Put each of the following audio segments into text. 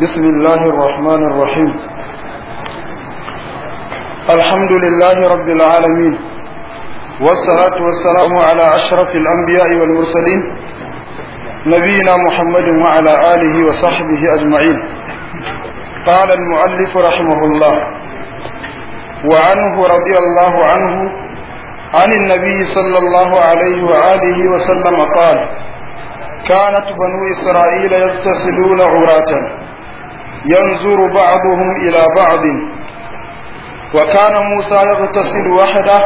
بسم الله الرحمن الرحيم الحمد لله رب العالمين والصلاة والسلام على أشرف الأنبياء والمرسلين نبينا محمد وعلى آله وصحبه أجمعين قال المؤلف رحمه الله وعنه رضي الله عنه عن النبي صلى الله عليه وآله وسلم قال كانت بنو إسرائيل يغتسلون عراة ينظر بعضهم إلى بعض وكان موسى يغتسل وحده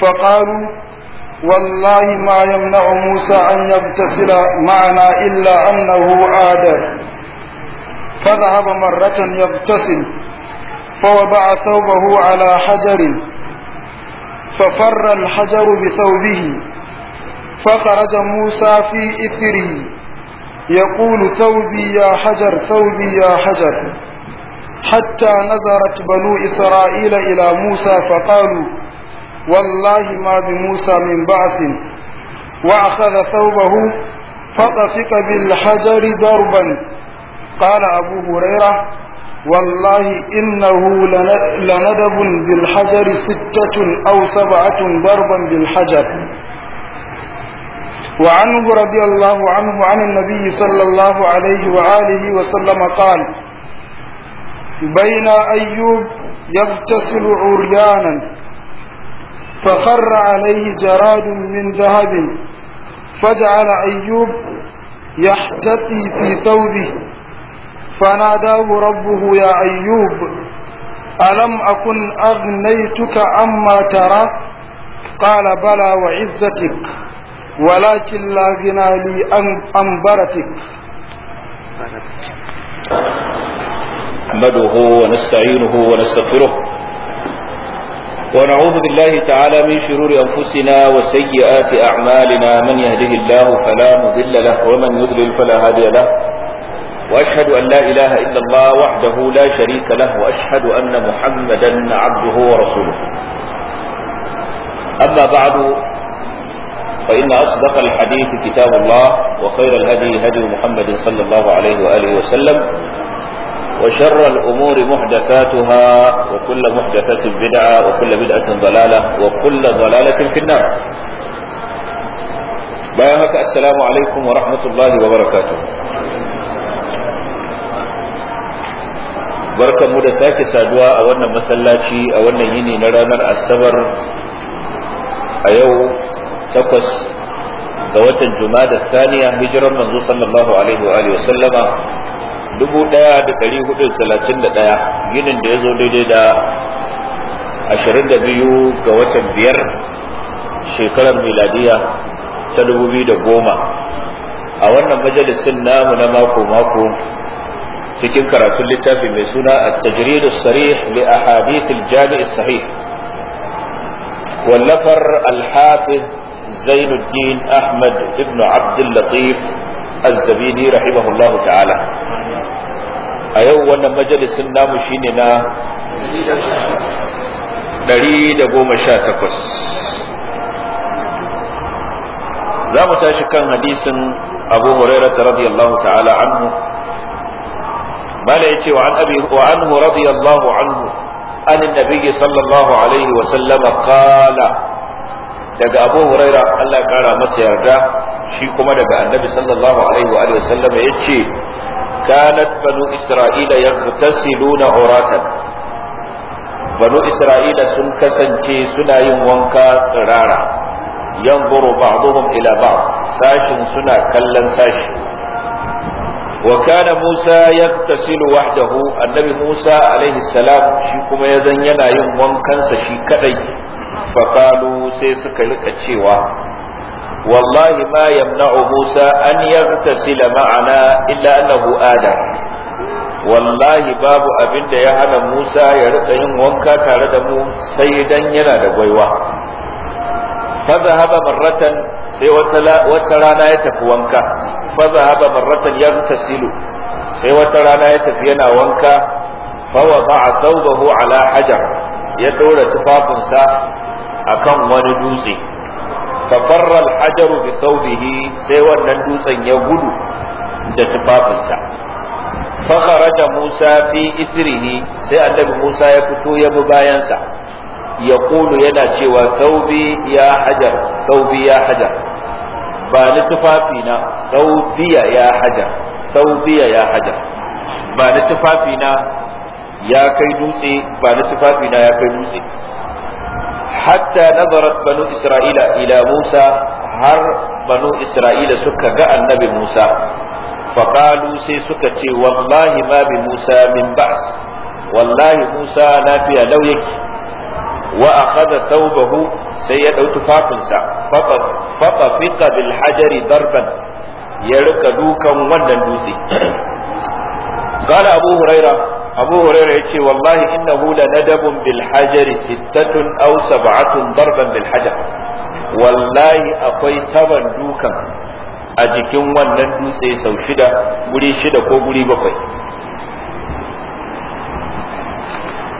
فقالوا والله ما يمنع موسى أن يغتسل معنا إلا أنه آدر فذهب مرة يغتسل فوضع ثوبه على حجر ففر الحجر بثوبه فخرج موسى في إثره يقول ثوبي يا حجر ثوبي يا حجر حتى نظرت بنو إسرائيل إلى موسى فقالوا والله ما بموسى من بعث وأخذ ثوبه فطفق بالحجر ضربا قال أبو هريرة والله إنه لندب بالحجر ستة أو سبعة ضربا بالحجر وعنه رضي الله عنه عن النبي صلى الله عليه وآله وسلم قال بين أيوب يغتسل عريانا فخر عليه جراد من ذهب فجعل أيوب يحتفي في ثوبه فناداه ربه يا أيوب ألم أكن أغنيتك أما ترى قال بلى وعزتك ولكن لا غنى لي عن بركك نحمده ونستعينه ونستغفره ونعوذ بالله تعالى من شرور أنفسنا وسيئات أعمالنا من يهده الله فلا مضل له ومن يضلل فلا هادي له وأشهد أن لا إله إلا الله وحده لا شريك له وأشهد أن محمدا عبده ورسوله أما بعد فإن أصدق الحديث كتاب الله وخير الهدي هدي محمد صلى الله عليه وآله وسلم وشر الأمور محدثاتها وكل محدثة بدعة وكل بدعة ضلالة وكل ضلالة في النار بيانك السلام عليكم ورحمة الله وبركاته barkan mu da sake saduwa a wannan masallaci a wannan yini na ranar asabar a yau takwas ga watan jumada saniya hijiran manzo sallallahu alaihi wa alihi sallama 1431 ginin da ya zo daidai da 22 ga watan biyar shekarar miladiya ta dubu goma. a wannan majalisin namu na mako-mako cikin karatun littafi mai suna a tajridu sarih li ahadith al-jami' sahih wallafar al-hafiz zainuddin ahmad ibn abdul latif azzabini rahimahullah ta'ala a yau wannan majalisin namu shine na 118 za mu tashi kan hadisin abu hurairah radiyallahu ta'ala anhu mala yace wa an abi wa anhu radiyallahu anhu an annabi sallallahu alaihi wa sallama qala daga abu huraira Allah kara masa yarda shi kuma daga annabi sallallahu alaihi wa alihi wasallam yace kanat banu isra'ila yaghtasiluna uratan banu isra'ila sun kasance suna yin wanka tsirara yanzuru ba'dhum ila ba'd sashin suna kallon sashi wa kana Musa yaktasilu wahdahu annabi Musa alaihi salam shi kuma yazan yana yin wankansa shi kadai faƙalu sai suka rika cewa wallahi ma yamna'u musa an yartasila ma'ana illa annahu ada wallahi babu abin da ya hana musa ya rika yin wanka tare da mu sai dan yana da gwaiwa فذهب مرة sai wata rana ya tafi wanka faza haba marratan yaghtasilu sai wata rana ya tafi yana wanka fa wada'a thawbahu ala hajar ya dora tufafinsa akan wani dutse fafarra al-hajaru bi thawbihi sai wannan dutsen ya gudu da tufafinsa da Musa fi isrihi sai annabi Musa ya fito ya bi bayansa ya kulu yana cewa thawbi ya hajar thawbi ya hajar ba ni na thawbiya ya hajar thawbiya ya hajar ba ni na ya kai dutse ba ni tufafina ya kai dutse hatta nazarat banu isra'ila ila musa har banu isra'ila suka ga annabi musa faƙalu sai suka ce wallahi ma musa min ba'as wallahi musa lafiya lau yake wa akhadha thawbahu sai ya ɗau tufafinsa faqa fiqa bil hajari darban ya rika dukan wannan dutse قال Abu هريرة abu huraira ya ce wallahi innahu la nadabun bil hajari sittatun aw sab'atun darban bil hajar wallahi akwai taban dukan a jikin wannan dutse sau shida guri shida ko guri bakwai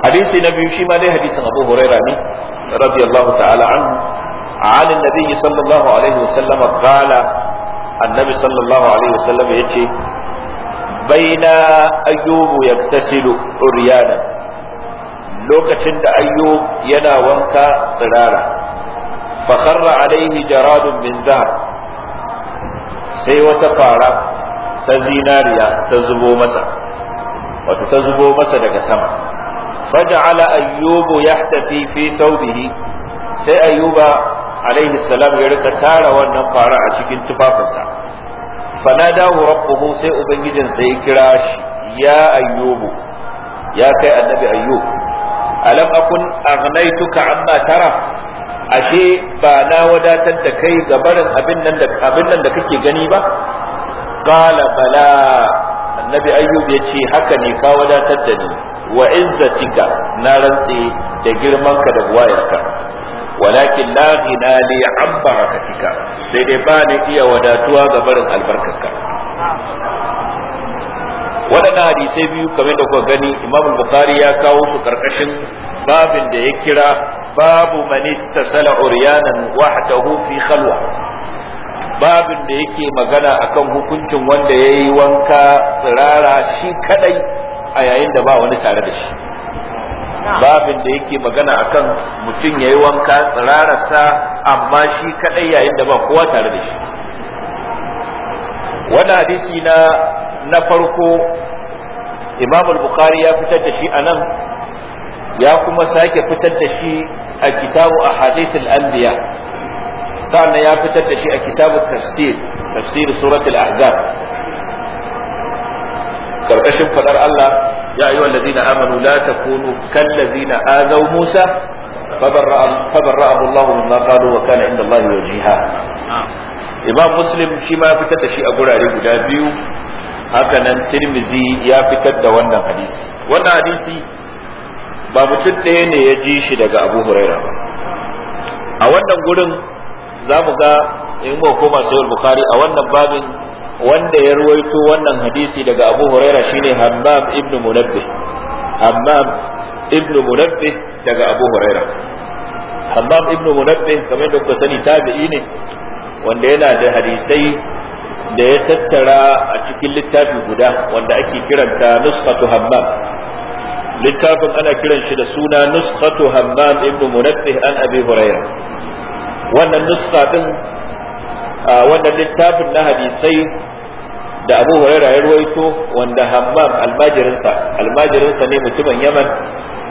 hadisi na biyu shi ma dai hadisin abu huraira ne ta'ala عن النبي صلى الله عليه وسلم قال النبي صلى الله عليه وسلم يتي baina ayyubu yaktasilu uryana lokacin da ayyub yana wanka tsirara fakarra kharra alaihi jaradun min zahab sai wata fara ta zinariya ta zubo masa wato ta zubo masa daga sama faj'ala ayyubu yahtafi fi thawbihi sai ayyuba alaihi salam ya rika tara wannan fara a cikin tufafinsa fanadahu rabbuhu sai ubangijin sai kira shi ya ayyubu ya kai annabi ayyub alam akun aghnaytuka tara ashe ba na wadatar da kai ga barin abin nan da abin nan kake gani ba qala bala annabi ayyub ya ce haka ne ka wadatar da ni wa izzatika na rantse da girmanka da buwayarka walakin la ghina li an barakatika sai dai ba ni iya wadatuwa ga barin albarkar ka. waɗannan hadisai biyu kamar da kuka gani imam bukhari ya kawo su karkashin babin da ya kira babu man sala uryanan wahdahu fi khalwa babin da yake magana akan hukuncin wanda yayi wanka tsirara shi kadai a yayin da ba wani tare da shi babin da yake magana akan mutum yayi wanka tsirararsa amma shi kadai yayin da ba kowa tare da shi Wani hadisi na na farko imam al-bukhari ya fitar da shi anan ya kuma sake fitar da shi a kitabu ahadith al-anbiya sannan ya fitar da shi a kitabu tafsir tafsir surat al-ahzab karkashin fadar Allah ya ayyuhal ladina amanu la takunu kal ladina azaw Musa fabarra'ahu Allah mimma qalu wa kana inda Allah wajiha Imam Muslim shi ma ya fitar da shi a gurare guda biyu haka nan ya fitar da wannan hadisi wannan hadisi ba mutum ɗaya ne ya ji shi daga Abu Huraira ba a wannan gurin za mu ga in mu koma sayar Bukhari a wannan babin wanda ya ruwaito wannan hadisi daga abu huraira shine hammam ibn munabbih hammam ibn munabbih daga abu huraira hammam ibn munabbih kamar da kuka sani tabi'i ne wanda yana da hadisai da ya tattara a cikin littafi guda wanda ake kiranta nusfatu hammam littafin ana kiran shi da suna nusfatu hammam ibn munabbih an abi huraira wannan nusfa din wannan littafin na hadisai da abu huraira ya ruwaito wanda hammam almajirinsa almajirinsa ne mutumin yaman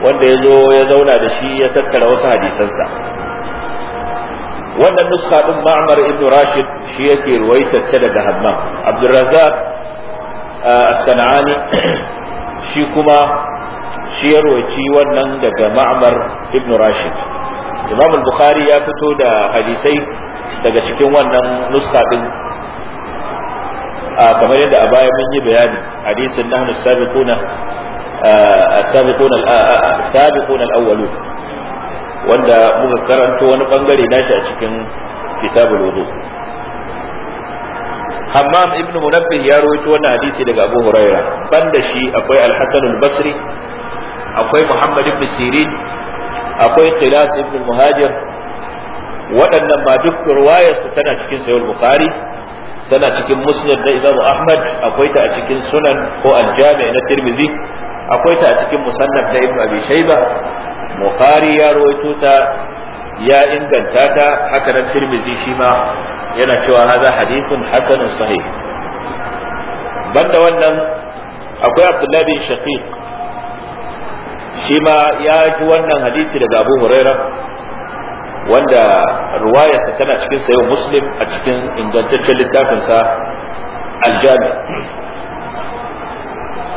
wanda ya zo ya zauna da shi ya tattara wasu hadisansa wannan nuska din ma'amar ibn rashid shi yake ta daga hammam abdurrazzaq as-sanani shi kuma shi ya ruwaici wannan daga ma'amar ibn rashid imam al-bukhari ya fito da hadisai daga cikin wannan nuska din kamar yadda a baya mun yi bayani hadisin nahnu sabiquna as-sabiquna as-sabiquna al-awwalun wanda muka karanto wani bangare nashi a cikin kitabul wudu Hammam ibn Munabbih ya rawaito wannan hadisi daga Abu Huraira banda shi akwai Al-Hasan basri akwai Muhammad ibn Sirin akwai Qilas ibn Muhajir waɗannan ma duk ruwayar su tana cikin sayyid Bukhari tana cikin musnad da imamu ahmad akwai ta a cikin sunan ko aljami na tirmizi akwai ta a cikin musannaf da ibnu abi shayba bukhari ya rawaito ta ya inganta ta haka nan tirmizi shi ma yana cewa hadha hadithun hasanun sahih banda wannan akwai abdullahi bin shaqiq shi ma ya ji wannan hadisi daga abu huraira wanda ruwayarsa tana cikin sayo muslim a cikin ingantaccen littafinsa aljami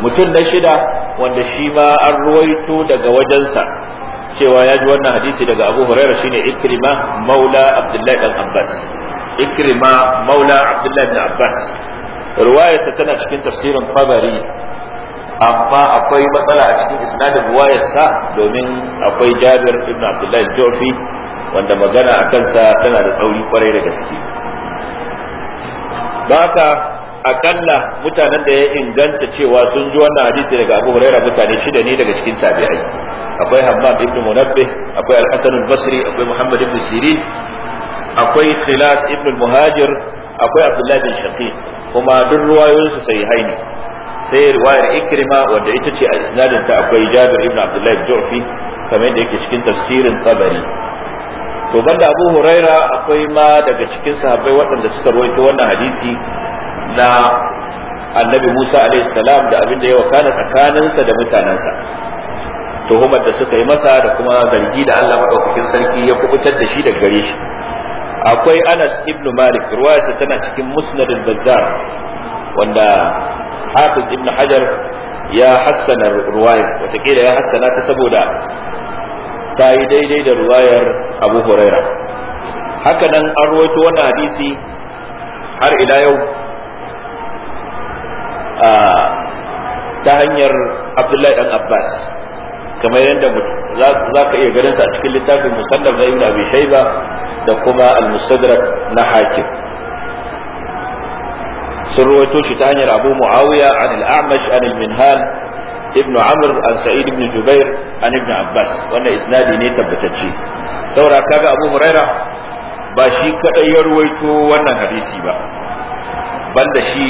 mutum na shida wanda shi ma an ruwaito daga wajensa cewa ya ji wannan hadisi daga abu huraira shine ikrima maula abdullahi dan abbas ikrima maula abdullahi dan abbas ruwayarsa tana cikin tafsirin fabari amma akwai matsala a cikin isnadin ruwayarsa domin akwai jabir ibn abdullahi jofi wanda magana a kansa tana da tsauri kwarai da gaske baka akalla mutanen da ya inganta cewa sun ji wannan hadisi daga Abu Hurairah mutane shida ne daga cikin tabi'ai akwai hamman ibn Munabbih akwai Al-Hasan al-Basri akwai Muhammad ibn Sirin akwai Khilas ibn muhajir akwai Abdullah bin Shaqiq kuma duk ruwayoyinsu sai haini, sai riwayar Ikrima wanda ita ce a isnadin ta akwai Jabir ibn Abdullah bin Jurfi kamar yadda yake cikin tafsirin Tabari to banda abu huraira akwai ma daga cikin sahabbai waɗanda suka rawaito wannan hadisi na annabi musa alaihi salam da abin da ya wakana tsakaninsa da mutanensa tuhumar da suka yi masa da kuma gargi da Allah maɗaukakin sarki ya kubutar da shi daga gare shi akwai Anas ibn Malik ruwayarsa tana cikin Musnad al-Bazzar wanda Hafiz ibn Hajar ya hassana ruwaya Wataƙila ya hassana ta saboda ta yi daidai da ruwayar abu huraira haka nan an rawaito wannan hadisi har ila yau ta hanyar abdullahi dan abbas kamar yadda za ka iya ganinsa a cikin littafin musannaf na ibn abi shaiba da kuma al-mustadrak na hakim sun rawaito shi ta hanyar abu muawiya an al-a'mash an al-minhal ibn amr an sa'id ibn an ibn abbas wannan isnadi ne tabbatacce saboda kaga abu huraira ba shi kadai ya ruwaito wannan hadisi ba banda shi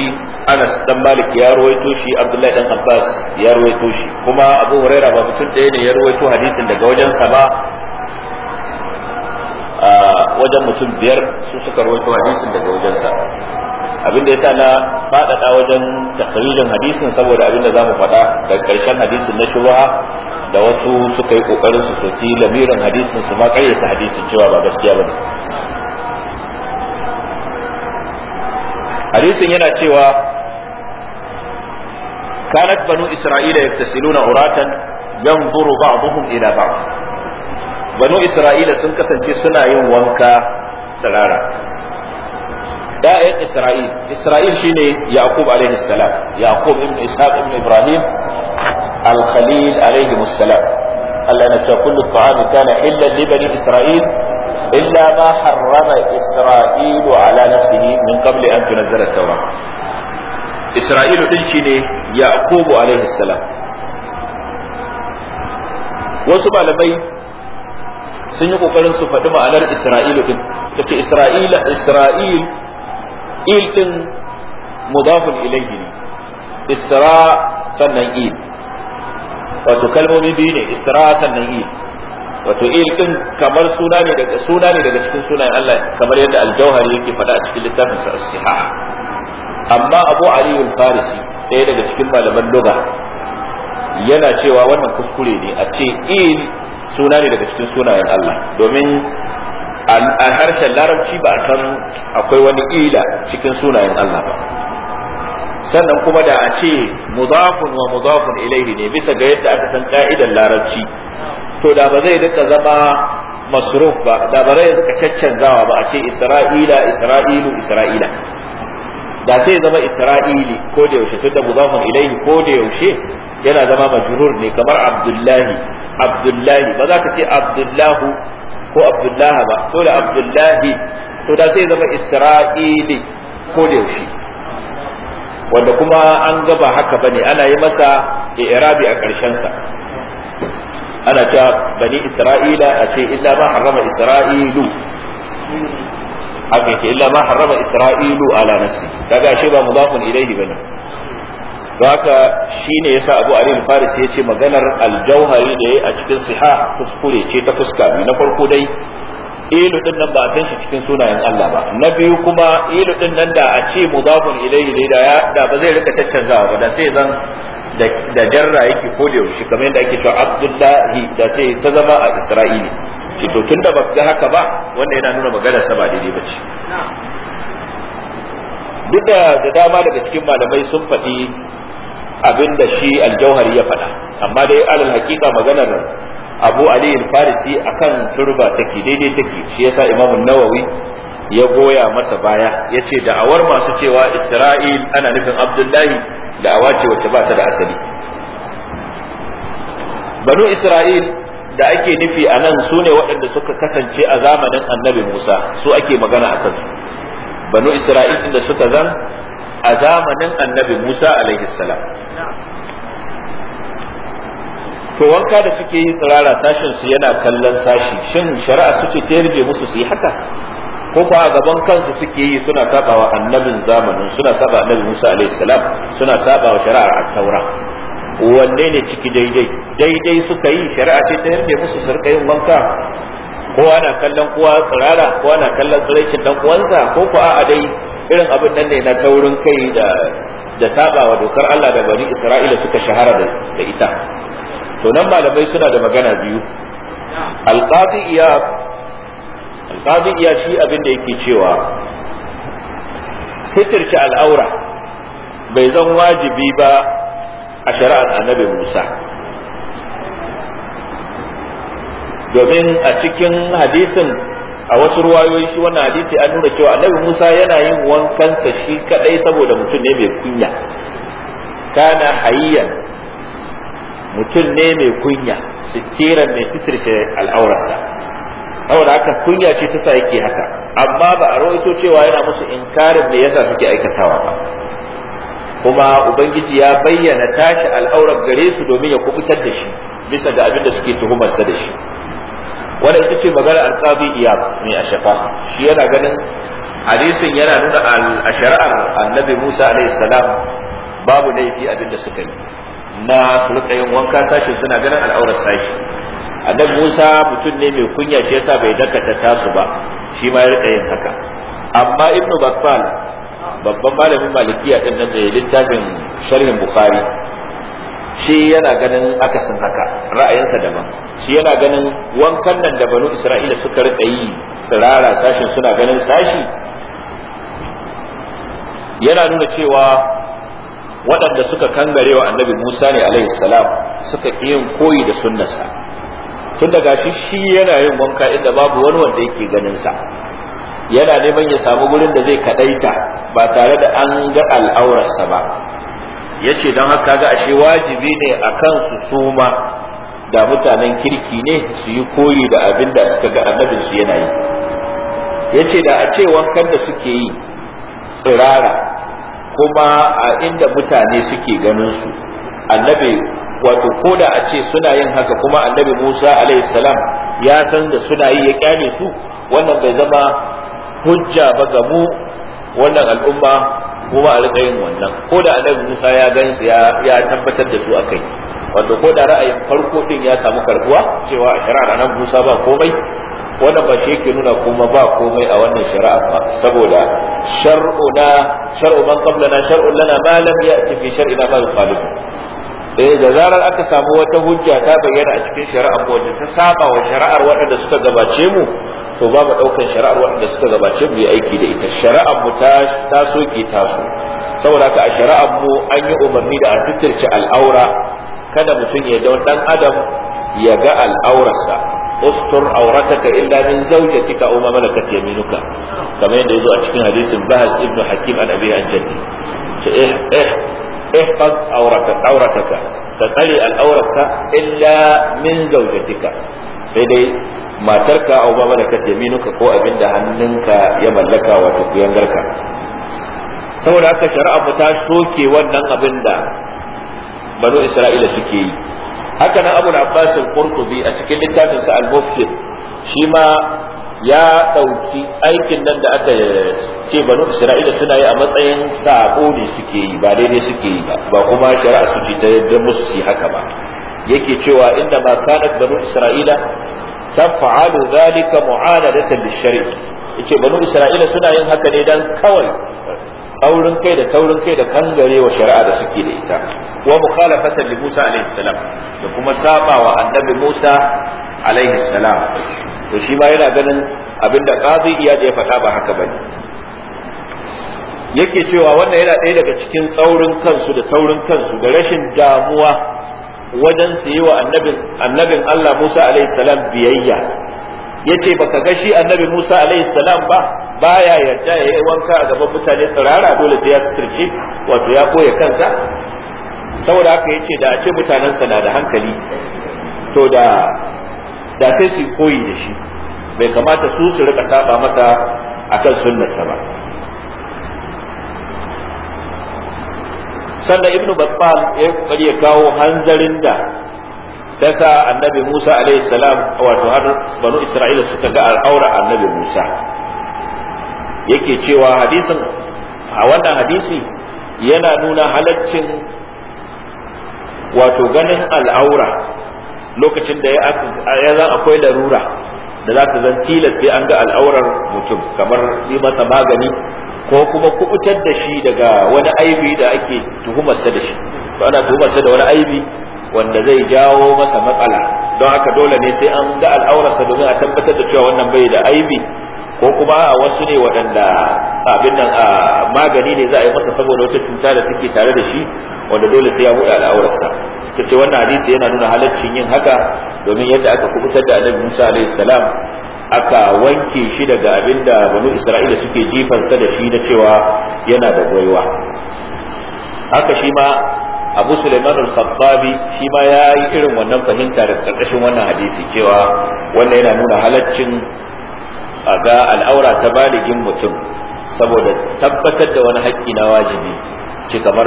anas dan malik ya ruwaito shi abdullahi dan abbas ya ruwaito shi kuma abu huraira ba mutum ɗaya ne ya ruwaito hadisin daga wajen ba wajen mutum biyar su suka ruwaito hadisin daga wajen abin da yasa na faɗaɗa wajen takririn hadisin saboda abin da zamu faɗa da ƙarshen hadisin na shubha da wasu suka yi kokarin su soki lamirin hadisin su ma ƙaryata hadisin cewa ba gaskiya bane hadisin yana cewa kanat banu isra'ila yaktasiluna uratan yanzuru ba'dhum ila ba'd banu isra'ila sun kasance suna yin wanka tsirara ya'yan Isra'il Isra'il shine Yaqub alaihi salam Yaqub ibn Ishaq ibn Ibrahim al-Khalil alaihi salam Allah na ce kullu ta'ami kana illa li Isra'il illa ma harrama Isra'il ala nafsihi min qabli an tunzala at-Tawrah Isra'ilu shine salam wasu malamai sun yi ƙoƙarin su faɗi ma'anar isra'ilu ɗin, da ce isra'il il din mudafun ilayhi ne isra sannan il wato kalmomi biyu ne isra sannan il wato il din kamar suna ne daga suna ne daga cikin sunayen Allah kamar yadda al-jauhari yake faɗa a cikin littafin sa as-sihah amma Abu Ali al-Farisi ɗaya daga cikin malaman lugha yana cewa wannan kuskure ne a ce il suna ne daga cikin sunayen Allah domin a harshen larabci ba a san akwai wani ila cikin sunayen Allah ba sannan kuma da a ce muzafun wa muzafun ilaihi ne bisa ga yadda aka san ka'idar larabci to da ba zai duka zama masruf ba da ba zai rika caccanzawa ba a ce isra'ila isra'ilu isra'ila da sai zama isra'ili ko da yaushe tunda muzafun ilaihi ko da yaushe yana zama majrur ne kamar abdullahi abdullahi ba za ka ce abdullahu ko abdullahi ba dole abdullahi to da sai zama isra'ili ko da yaushe wanda kuma an gaba haka bane ana yi masa i'rabi a ƙarshen sa ana ta bani isra'ila a ce illa ma harrama isra'ilu haka yake illa ma harrama isra'ilu ala nasi daga shi ba mudafun ilayhi bane haka shine yasa Abu Ali al-Faris ya ce maganar al-Jauhari da yayi a cikin siha kuskure ce ta fuska na farko dai ilu din nan ba a san shi cikin sunayen Allah ba na biyu kuma ilu din nan da a ce mudafun ilayhi ne da da ba zai rika caccanzawa ba da sai zan da jarra yake ko da yaushe kamar yadda ake cewa Abdullahi da sai ta zama a Isra'ili ce to tunda ba ga haka ba wanda yana nuna maganar sa ba daidai ba ce duk da dama daga cikin malamai sun faɗi abin da shi aljauhari ya faɗa amma dai alal hakika maganar abu ali farisi akan turba take daidai take shi yasa imamu nawawi ya goya masa baya ya ce da'awar masu cewa isra'il ana nufin abdullahi da'awa ce wacce ba ta da asali banu isra'il da ake nufi a nan su waɗanda suka kasance a zamanin annabi musa su ake magana a kansu banu isra'il inda suka zan a zamanin annabi musa alaihi salam to wanka da suke yi tsirara sashin su yana kallon sashi shin shari'a su ce ta musu su yi haka ko ba a gaban kansu suke yi suna saba wa annabin zamanin suna saba annabi musa alaihi salam suna saba wa shari'ar a taura wanne ne ciki daidai daidai suka yi shari'a ce ta yarda musu su rika yin wanka kowa na kallon kowa tsirara ko na kallon tsiraicin dan uwansa ko ko a dai irin abin nan ne na taurin kai da da wa dokar Allah da bani Isra'ila suka shahara da ita to nan malamai suna da magana biyu alqadi iya alqadi iya shi abin da yake cewa sitirce al'aura bai zan wajibi ba a shari'ar annabi Musa domin a cikin hadisin a wasu ruwayoyi shi wannan hadisi an nuna cewa annabi Musa yana yin wankansa shi kadai saboda mutum ne mai kunya kana hayyan mutum ne mai kunya sitiran mai sitirce al'aurarsa saboda haka kunya ce ta sa yake haka amma ba a rawaito cewa yana musu inkarin me yasa suke aikatawa ba kuma ubangiji ya bayyana tashi al'aurar gare su domin ya kubutar da shi bisa ga abin da suke tuhumarsa da shi wanda ita ce magana alqabi iyab mai ashafa shi yana ganin hadisin yana nuna a shari'ar annabi Musa alaihi salam babu laifi abin da suka yi na su yin wanka tashi suna ganin al'aurar sashi annabi Musa mutum ne mai kunya shi yasa bai dakata tasu ba shi ma ya rika yin haka amma ibnu Battal babban malamin malikiya din nan da littafin sharhin Bukhari shi yana ganin akasin haka ra'ayinsa daban shi yana ganin wankan nan da banu isra'ila suka rika yi tsirara sashin suna ganin sashi yana nuna cewa waɗanda suka kangare wa annabi musa ne alaihi salam suka yin koyi da sunnarsa tun daga shi shi yana yin wanka inda babu wani wanda yake ganin sa yana neman ya samu gurin da zai kadaita ba tare da an ga al'aurarsa ba Ya ce don haka ga ashe wajibi ne a su suma da mutanen kirki ne su yi koyi da abin da suka ga annabinsu su yana yi Ya ce da a ce wankan da suke yi tsirara kuma a inda mutane suke ganin su annabi wato ko da a ce suna yin haka kuma annabi Musa alaihi salam ya san da suna yi ya kyale su wannan bai zama hujja ba ga mu wannan al'umma Ko ba a riƙa yin wannan ko da annabi Musa ya gan ya tabbatar da su akai wato ko da ra'ayin farko din ya samu karbuwa cewa a shari'ar annabi Musa ba komai wannan ba shi yake nuna kuma ba komai a wannan shari'a ba saboda na shar'u man qablana shar'u lana ma lam ya'ti fi shar'ina ma yukhalif eh da zarar aka samu wata hujja ta bayyana a cikin shari'ar mu wanda ta saba wa shari'ar waɗanda suka gabace mu to ba mu ɗaukar shari'ar waɗanda suka gabace mu yi aiki da ita shari'ar mu ta soke ta taso saboda haka a shari'ar mu an yi umarni da a sitirce al'aura kada mutum ya da ɗan adam ya ga al'aurarsa ustur auratuka illa min zawjatika aw ma malakat yaminuka kamar yadda yazo a cikin hadisin bahas ibnu hakim al-abi al-jaddi eh, eh, ihfaz aurataka ka tsare al'aurarka illa min zaujatika sai dai matarka au ba mana ka minuka ko abinda hannunka ya mallaka wato garka. saboda haka shari'a ta soke wannan abin da banu isra'ila suke yi Hakanan nan abul abbas al-qurtubi a cikin littafinsa sa al-mufti shi ma ya ɗauki aikin nan da aka ce banu isra'ila suna yi a matsayin saƙo ne suke yi ba daidai suke yi ba Ba kuma shari'a su ce ta yadda musu su haka ba yake cewa inda ma kanat banu isra'ila fa'alu zalika mu'anadatan lishari yace banu isra'ila suna yin haka ne dan kawai taurin kai da taurin kai da kangarewa shari'a da suke da ita wa mukhalafatan li Musa alayhi salam da kuma sabawa annabi Musa alayhi salam to shi ma yana ganin abinda qazi iyad ya faɗa ba haka bane yake cewa wannan yana ɗaya daga cikin tsaurin kansu da tsaurin kansu da rashin damuwa wajen su yi wa annabin annabin Allah Musa alaihi salam biyayya yace baka ga shi annabi Musa alaihi salam ba baya yarda ya yi wanka a gaban mutane tsirara dole sai ya suturce wato ya koya kansa saboda haka yace da a ce mutanensa na da hankali to da da sai su koyi da shi bai kamata su su rika saba masa akan sa ba sannan ibnu battal ya bari ya kawo hanzarin da ta sa annabi Musa alaihi salam wato har banu Isra'ila suka ga al'aura annabi Musa yake cewa hadisin a wannan hadisi yana nuna halaccin wato ganin al'aura lokacin da ya zan akwai larura da za ta zan tilas sai an ga al'aurar mutum kamar yi masa magani ko kuma kubutar da shi daga wani aibi da ake tuhumarsa da shi ko ana tuhumarsa da wani aibi wanda zai jawo masa matsala don haka dole ne sai an ga al'aurarsa domin a tabbatar da cewa wannan bai da aibi ko kuma a wasu ne waɗanda abin nan a magani ne za a yi masa saboda wata cuta da take tare da shi wanda dole sai ya buɗe al'aurarsa suka ce wannan hadisi yana nuna halaccin yin haka domin yadda aka kubutar da annabi Musa alayhi salam aka wanke shi daga abin da banu Isra'ila suke jifansa da shi na cewa yana da gwaiwa haka shi ma abu suleiman al-khattabi shi ma ya yi irin wannan fahimta da karkashin wannan hadisi cewa wannan yana nuna halaccin a ga al'aura ta baligin mutum saboda tabbatar da wani haƙƙi na wajibi ce kamar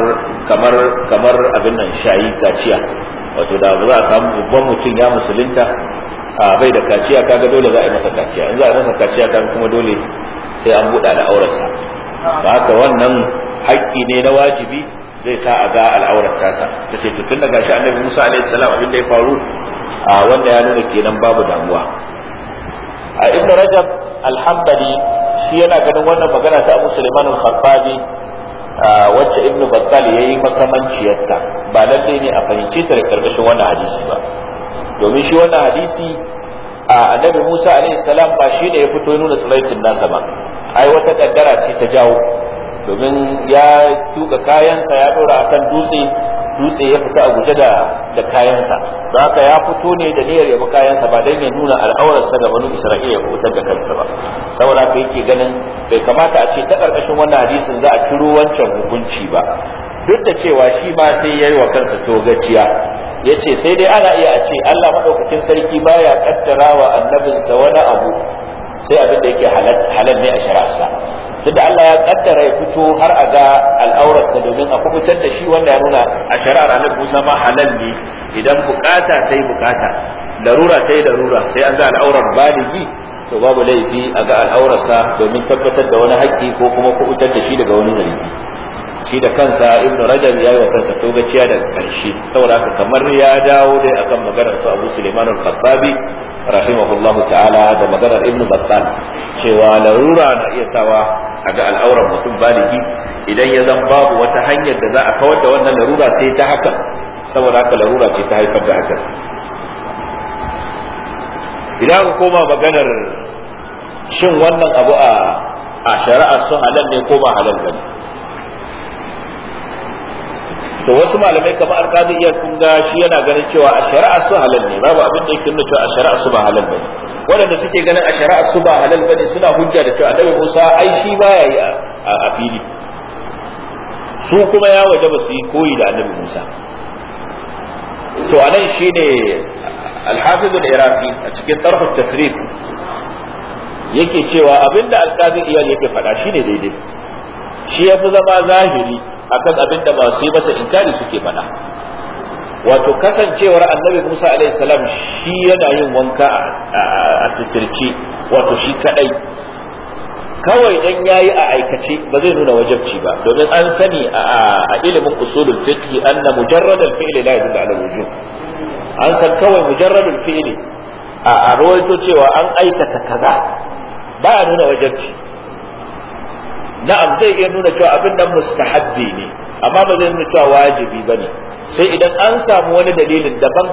kamar kamar abin nan shayi kaciya wato da za a samu babban mutum ya musulunta a bai da kaciya kaga dole za a yi masa kaciya in za a yi masa kaciya kaga kuma dole sai an buɗe al'aurarsa ba haka wannan haƙƙi ne na wajibi zai sa a ga al'aurar tasa ta ce tun da gashi annabi Musa alaihi salam abin da ya faru a wanda ya nuna kenan babu damuwa a ibn rajab alhambali shi yana ganin wannan magana ta abu suleiman al-khattabi wacce ibnu battal yayi makamanciyarta ba lalle ne a fahimce ta da karkashin wannan hadisi ba domin shi wannan hadisi a annabi Musa alaihi salam ba shi ne ya fito nuna tsiraitin nasa ba ai wata kaddara ce ta jawo domin ya tuka kayansa ya dora akan dutse dutse ya fita a guje da da kayansa don haka ya fito ne da niyyar ya bi kayansa ba dan ya nuna al'aurarsa ga wani isra'ila ya ta da kansa ba saboda haka yake ganin bai kamata a ce ta karkashin wannan hadisin za a kiro wancan hukunci ba duk da cewa shi ba sai yayi wa kansa togaciya ya ce sai dai ana iya a ce Allah madaukakin sarki baya kaddarawa annabinsa wani abu sai abin da yake halal ne a shari'arsa duk da Allah ya kaddara ya fito har a ga al'aurarsa domin a kubutar da shi wanda ya nuna a shari'ar Annabi Musa ma halal ne idan bukata ta yi bukata larura ta yi larura sai an ga al'aurar baligi to babu laifi a ga al'aurarsa domin tabbatar da wani haƙƙi ko kuma kubutar da shi daga wani zargi shi da kansa ibnu rajab ya yi wa kansa togaciya daga karshe saboda haka kamar ya dawo dai akan maganar su abu suleiman al-khattabi rahimahullah ta'ala da maganar ibnu battal cewa larura na iya sawa a ga al'auran mutum baligi idan ya zan babu wata hanyar da za a kawar da wannan larura sai ta haka saboda haka larura ce ta haifar da haka idan ku koma maganar shin wannan abu a a shari'ar sun halal ne ko ba halal bane to wasu malamai kamar alƙadi iya kun ga shi yana ganin cewa a shari'a su halal ne babu abin da yake nuna cewa a shari'a su ba halal bane waɗanda suke ganin a shari'a su ba halal bane suna hujja da cewa annabi Musa ai shi baya yi a fili su kuma ya waje ba su yi koyi da annabi Musa to anan shine al-hafiz al-iraqi a cikin tarhu at yake cewa abinda alƙadi iyal yake faɗa shine daidai shi ya fi zama zahiri akan abin da masu yi masa inkari suke faɗa wato kasancewar annabi musa alaihi salam shi yana yin wanka a sitirci wato shi kadai kawai dan yayi a aikace ba zai nuna wajabci ba domin an sani a ilimin usulul fiqh anna mujarrad fil la yadullu ala wujub an san kawai mujarrad al-fi'l a rawaito cewa an aikata kaza ba nuna wajabci na'am zai iya nuna cewa abin nan mustahabbi ne amma ba zai nuna cewa wajibi bane sai idan an samu wani dalilin daban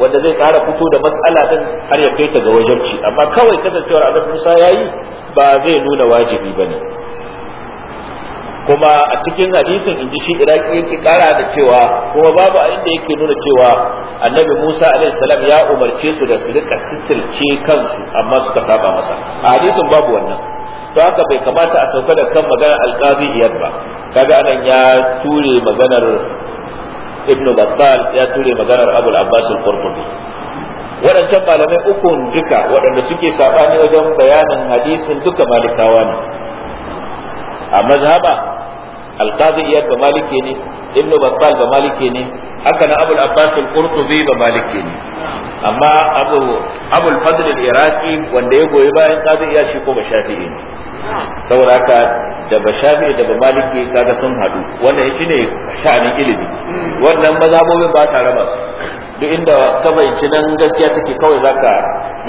wanda zai kara fito da mas'ala din har ya kai ta ga wajibci amma kawai kasancewar abin Musa yayi ba zai nuna wajibi bane kuma a cikin hadisin inji shi iraki yake kara da cewa kuma babu a inda yake nuna cewa annabi Musa alaihi salam ya umarce su da su rika sitirce kansu amma suka saba masa a hadisin babu wannan to haka bai kamata a sauka da kan maganar alqazi iyad ba kaga anan ya ture maganar ibn battal ya ture maganar abul abbas al-qurtubi waɗancan malamai uku duka waɗanda suke saɓani wajen bayanin hadisin duka malikawa ne a mazhaba alqazi iyad ba maliki ne ibnu battal ba maliki ne haka na abul abbas al-qurtubi ba maliki ne amma abu abul fadl al wanda ya goyi bayan qazi iyad shi ko ba shafi'i ne saboda haka da ba shafi'i da ba maliki kaga sun hadu wannan shi ne sha'anin ilimi wannan mazhabobin ba sa raba su duk inda ka bayyana nan gaskiya take kawai zaka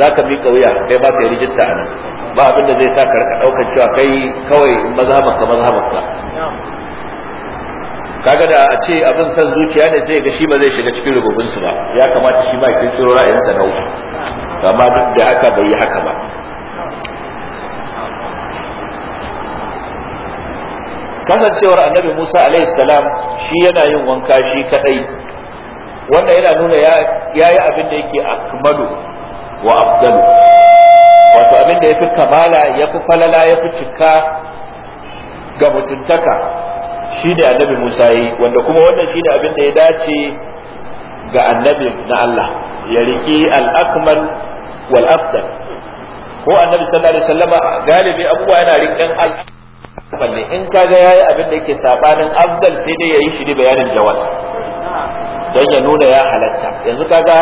zaka mika wuya kai ba ka rijista a nan ba abin da zai sa ka rika daukar cewa kai kawai mazhabar ka mazhabar ka kaga da a ce abin san zuciya ne sai ga shi ba zai shiga cikin rububinsu ba ya kamata shi ba ya kirkiro ra'ayinsa na uku amma duk da haka bai yi haka ba kasancewar annabi Musa alaihi salam shi yana yin wanka shi kadai wanda yana nuna ya yi abin da yake akmalu wa afdalu wato abin da ya fi kamala ya fi falala ya fi cika ga mutuntaka shi da annabi Musa yi wanda kuma wannan shi da abin da ya dace ga annabi na Allah ya riki al-akmal ko annabi sallallahu alaihi wasallama galibi abubuwa yana rikin al ne in kaga yayi abin da yake sabanin afdal sai dai yayi shi ne bayanin jawaz dan ya nuna ya halatta yanzu kaga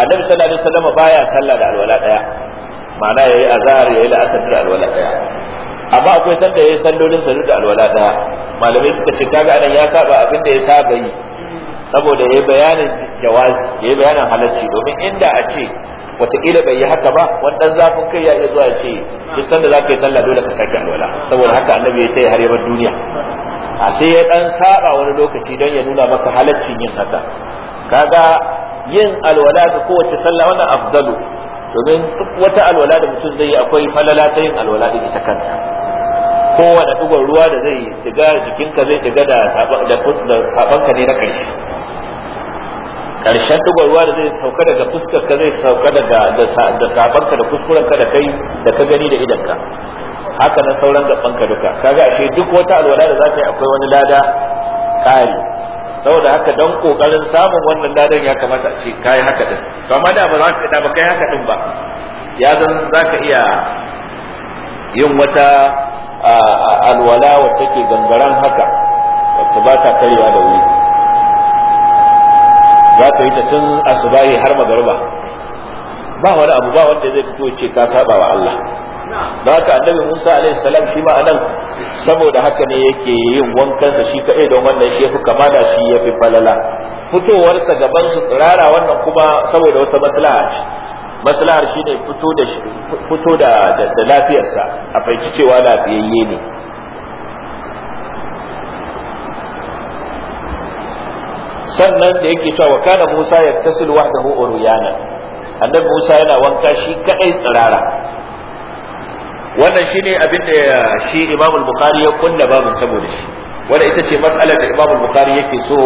annabi sallallahu alaihi wasallama baya sallah da alwala daya ma'ana yayi azhar yayi la'asar da alwala daya amma akwai sanda ya yi sallolin sa da alwala daya malamai suka ce kaga anan ya saba abin da ya saba yi saboda ya yi bayanin jawazi ya bayanin halarci domin inda a ce wataƙila bai yi haka ba wannan zafin kai ya iya zuwa ya ce duk sanda za ka yi sallah dole ka sake alwala saboda haka annabi ya tayi har yaban duniya a sai ya dan saba wani lokaci don ya nuna maka halaccin yin haka kaga yin alwala da kowace sallah wannan afdalu domin duk wata alwala da mutum zai yi akwai falala ta yin alwala da ita kanta kowane dugon ruwa da zai diga jikinka zai shiga da sabanka ne na ƙarshe ƙarshen dugon ruwa da zai sauka daga fuskarka zai sauka daga da sabanka da kuskurenka da kai da ka gani da ka haka na sauran ka duka kaga ashe duk wata alwala da za ta yi akwai wani lada kari, saboda haka dan kokarin samun wannan ladan ya kamata a ce kai haka din to amma da ba za ka da ba kai haka din ba ya zan za ka iya yin wata alwala wacce ke gangaren haka wacce ba ta karewa da wuri za ka yi ta tun asubahi har magaruba ba wani abu ba wanda zai fito ce ka saba wa Allah ba ka annabi Musa alaihi salam shi ma anan saboda haka ne yake yin wankansa shi kaɗai don wannan shi yafi kama da shi yafi falala fitowarsa gaban su tsirara wannan kuma saboda wata maslaha maslahar shi fito fito da lafiyarsa a fahimci cewa lafiyayye ne sannan da yake cewa kana Musa ya tasil wahdahu uruyana annabi Musa yana wanka shi kadai tsirara wannan shine abin da shi Imam al-Bukhari ya kunna babin saboda shi wanda ita ce matsalar da Imam al-Bukhari yake so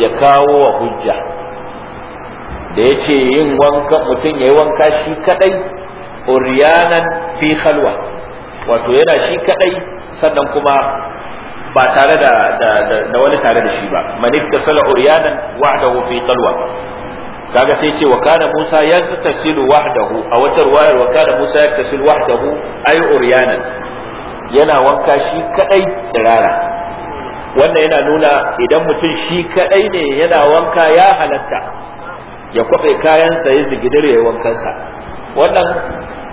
ya kawo wa hujja da ya ce yin wanka mutum ya yi wanka shi kadai uriyanan fi khalwa wato yana shi kadai sannan kuma ba tare da da wani tare da shi ba manik da sala uriyanan wahdahu fi khalwa kaga sai ce wa kana Musa tasilu wahdahu a wata ruwayar wa kana Musa tasilu wahdahu ay uriyanan yana wanka shi kadai tsirara wannan yana nuna idan mutum shi kadai ne yana wanka ya halatta ya kayan sa ya zigidar ya wankansa wannan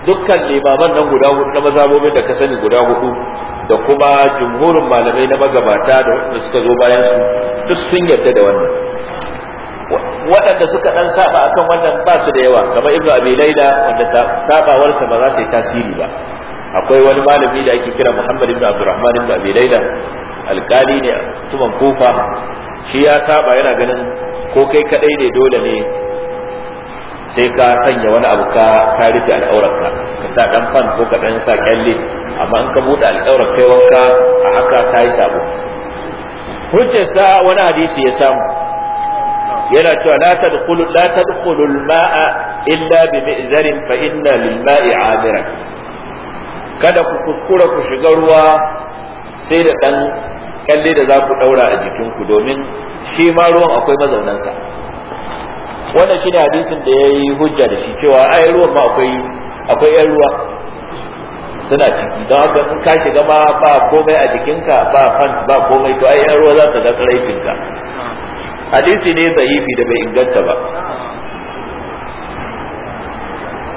dukkan limaman nan guda hudu na mazabobin da ka sani guda hudu da kuma jumhurin malamai na magabata da waɗanda suka zo bayan su duk sun yarda da wannan waɗanda suka ɗan saba akan wannan ba su da yawa kamar ibnu abi laila wanda sabawarsa ba za ta yi tasiri ba akwai wani malami da ake kira muhammad ibnu abdurrahman ibnu abi laila alkali ne tuban kufa shi ya saba yana ganin ko kai kadai ne dole ne sai ka sanya wani abu ka ka rufe al'aurarka ka sa dan fan ko ka dan sa kyalle amma in ka bude al'aurar kai wanka a haka ta yi sabo hujjarsa wani hadisi ya samu yana cewa la tadkhulu la tadkhulu al-ma'a illa bi mi'zarin fa inna lil-ma'i kada ku kuskura ku shiga ruwa sai da dan kyalle da za ku daura a jikinku domin shi ma ruwan akwai mazaunansa wannan shine hadisin da ya yi hujja da shi cewa ai ruwan ma akwai akwai yan ruwa suna ciki don haka in ka shiga ma ba komai a jikinka ba fan ba komai to ai yan ruwa za su ga karaicinka hadisi ne zaifi da bai inganta ba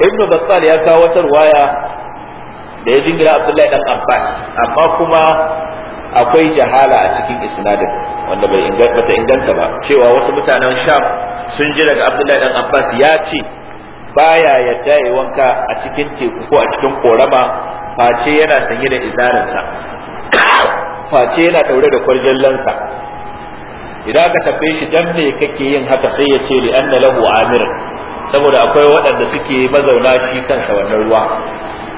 ibnu battal ya kawo wata ruwaya da ya jingira abdullahi dan abbas amma kuma akwai jahala a cikin isnadin wanda bai bata inganta ba cewa wasu mutanen sham sun ji daga abdullahi dan abbas ya ce baya yadda ya wanka a cikin teku ko a cikin korama face yana sanye da izarinsa face yana daure da lansa idan aka tafe shi dan ne kake yin haka sai ya ce li anna lahu amir saboda akwai waɗanda suke mazauna shi kansa wannan ruwa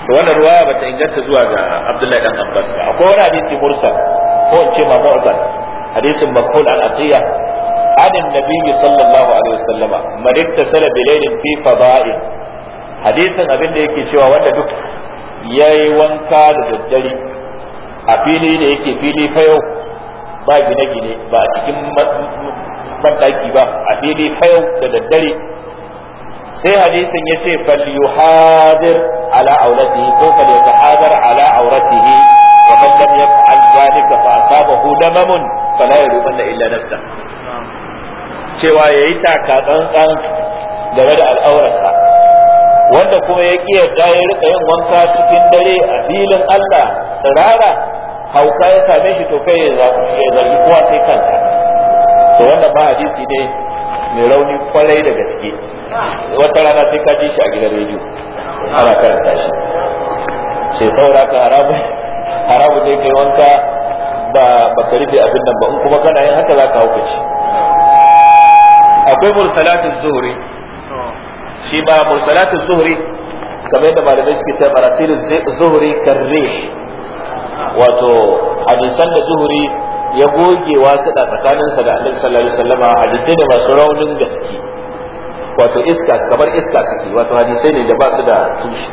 to wannan ruwaya bata inganta zuwa ga Abdullahi dan Abbas ba akwai wani hadisi mursal ko in ce ma mu'zal hadisin maqul al atiya an annabi sallallahu alaihi wasallama man ittasala bilailin fi fada'il hadisin abin da yake cewa wanda duk yayi wanka da daddare a fili da yake fili fa yau ba gine-gine ba cikin bandaki ba a fili fa yau da daddare sai hadisin ya ce bal yuhadir ala aulatihi ko bal yatahadar ala auratihi wa man lam yaf'al dhalika fa asabahu damamun fala yurubanna illa nafsa cewa yayi taka tsantsan game da al'aurarsa wanda kuma ya ƙi da ya rika yin wanka cikin dare a filin Allah tsirara hauka ya same shi to kai ya zargi kowa sai kansa to wannan ba hadisi ne mai rauni kwarai da gaske wata rana sai ka ji shi a gidan rediyo ana karanta shi sai saura ka haramu haramu ne kai wanka ba ba ka rufe abin nan ba in kuma kana yin haka za ka hukunci akwai mursalatin zuhri shi ba mursalatin zuhri kamar yadda malamai suke cewa marasirin zuhri karrih wato hadisan da zuhri ya goge wasu da tsakaninsa da annabi sallallahu alaihi wasallama hadisai da masu raunin gaske wato iska kamar iska suke wato hadisai ne da ba su da tushe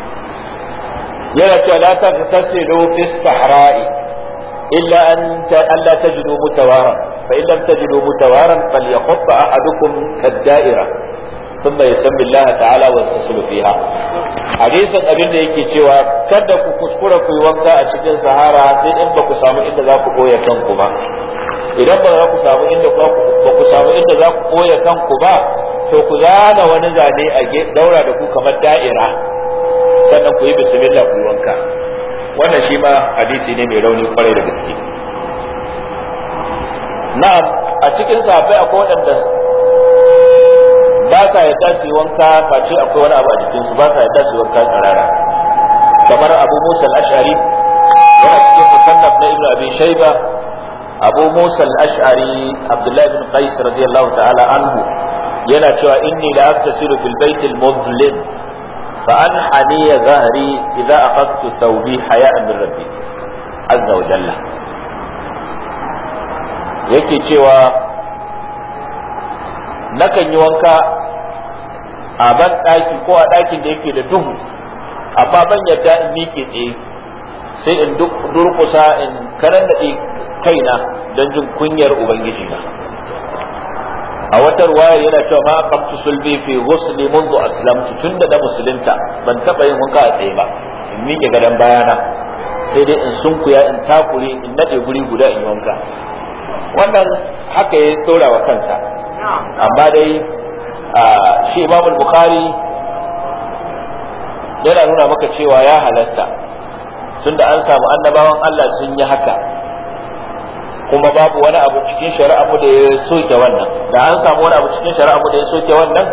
yana cewa la taghtasilu fi sahra'i illa an ta alla tajidu mutawaran fa in lam tajidu mutawaran falyakhut ahadukum kad-da'ira thumma yasmi Allah ta'ala wa tasulu fiha hadisin abin da yake cewa kada ku kuskura ku yi wanka a cikin sahara sai in ba ku samu inda za ku boye kanku ba idan ba ku samu inda ku ba ku samu inda za ku boye kanku ba to ku zana wani zane a daura da ku kamar da'ira sannan ku yi bismillah ku yi wanka wannan shi ma hadisi ne mai rauni kwarai da gaske Na a cikin safai akwai waɗanda ba sa yadda su yi wanka face akwai wani abu a jikinsu ba sa yadda su yi wanka tsarara. kamar abu musa al-ash'ari wani cikin musannaf na ibnu abi shayba abu musa al-ash'ari abdullahi bin qais radiyallahu ta'ala anhu yana cewa inni la aftasilu fil baitil muzlim fa an haniya zahri idza aqadtu thawbi haya min rabbi azza wa jalla yake cewa nakan yi wanka a ban ɗaki ko a ɗakin da yake da duhu amma ban yadda in miƙe tsaye sai in durƙusa in karan da kaina don jin kunyar ubangiji na a wata ruwaya yana cewa ma qamtu sulbi fi ghusli منذ aslamtu tunda da musulunta ban taba yin wanka a tsaye ba in miƙe gadon bayana sai dai in sunkuya in takure in nade guri guda in wanka wannan haka ya dora wa kansa amma dai shi Imam Bukhari yana nuna maka cewa ya halatta tunda an samu annabawan Allah sun yi haka kuma babu wani abu cikin shari'a mu da ya soke wannan da an samu wani abu cikin shari'a mu da ya soke wannan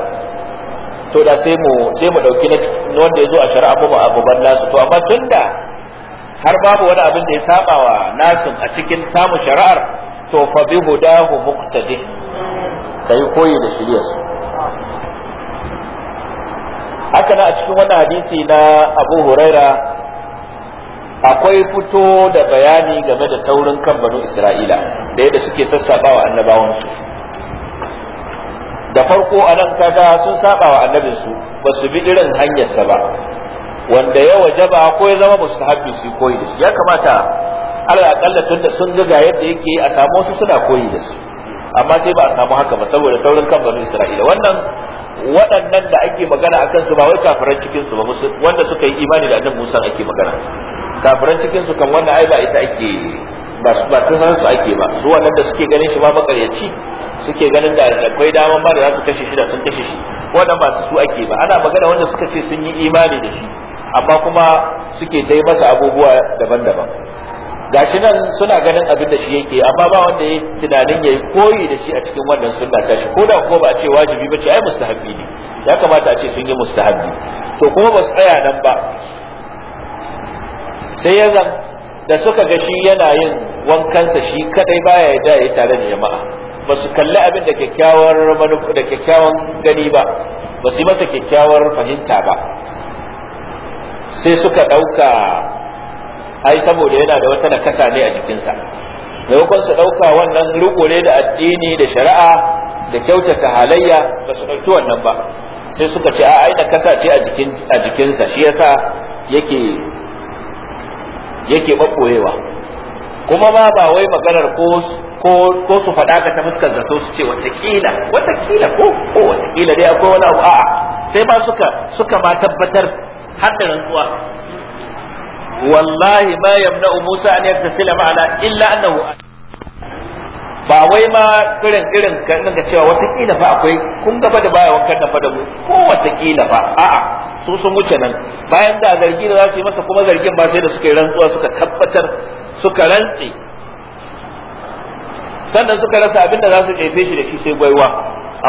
to da sai mu sai mu dauki na wanda ya zo a shari'a mu abu ban nasu to amma tunda har babu wani abin da ya saba wa nasu a cikin samun shari'ar to fa bi hudahu muqtadi kai koyi da shiryarsu haka na a cikin wannan hadisi na Abu Huraira akwai fito da bayani game da taurin kan banu isra'ila da yadda suke sassaɓa wa annabawansu da farko a nan kaga sun saba wa annabinsu ba su bi irin hanyarsa ba wanda ya wajaba ko ya zama musu habbi su koyi da shi ya kamata Allah aƙalla tun da sun ga yadda yake a samu wasu suna koyi da su amma sai ba a samu haka ba saboda taurin kan banu isra'ila wannan waɗannan da ake magana akan su ba wai kafiran cikin ba wanda suka yi imani da annabi Musa ake magana kafiran cikin su kan wannan ai ba ita ake ba su ba tun su ake ba su wannan da suke ganin shi ma makaryaci suke ganin da akwai dama ba da za su kashe shi da sun kashe shi wannan ba su ake ba ana magana wanda suka ce sun yi imani da shi amma kuma suke ta yi masa abubuwa daban-daban gashi nan suna ganin abin da shi yake amma ba wanda ya tunanin ya yi koyi da shi a cikin wannan sunna ta shi ko da ko ba a ce wajibi ba ce ai mustahabbi ne ya kamata a ce sun yi mustahabbi to kuma ba su tsaya nan ba sai ya zan da suka ga shi yana yin wankansa shi kadai baya ya ya tare da jama'a ba su kalli abin da kyakkyawar manufa da kyakkyawan gani ba ba su yi masa kyakkyawar fahimta ba sai suka ɗauka ai saboda yana da wata nakasa ne a jikinsa maimakon su ɗauka wannan riko ne da addini da shari'a da kyautata halayya ba su ɗauki wannan ba sai suka ce ai nakasa ce a jikinsa shi yasa yake yake ɓaɓɓoyewa kuma ba ba wai maganar ko su faɗa ka ta fuskar zato su ce watakila watakila ko ko watakila dai akwai wani abu a'a sai ba suka suka ma tabbatar hadda zuwa. wallahi ma yamna'u musa an yaktasila ma'ana illa annahu ba wai ma irin irin kan ga cewa watakila fa akwai kun gaba da baya wankan da fada da mu ko watakila fa a'a su sun wuce nan bayan da zargi da za su yi masa kuma zargin ba sai da suka yi rantsuwa suka tabbatar suka rantsi. sannan suka rasa abin da za su jefe shi da shi sai gwaiwa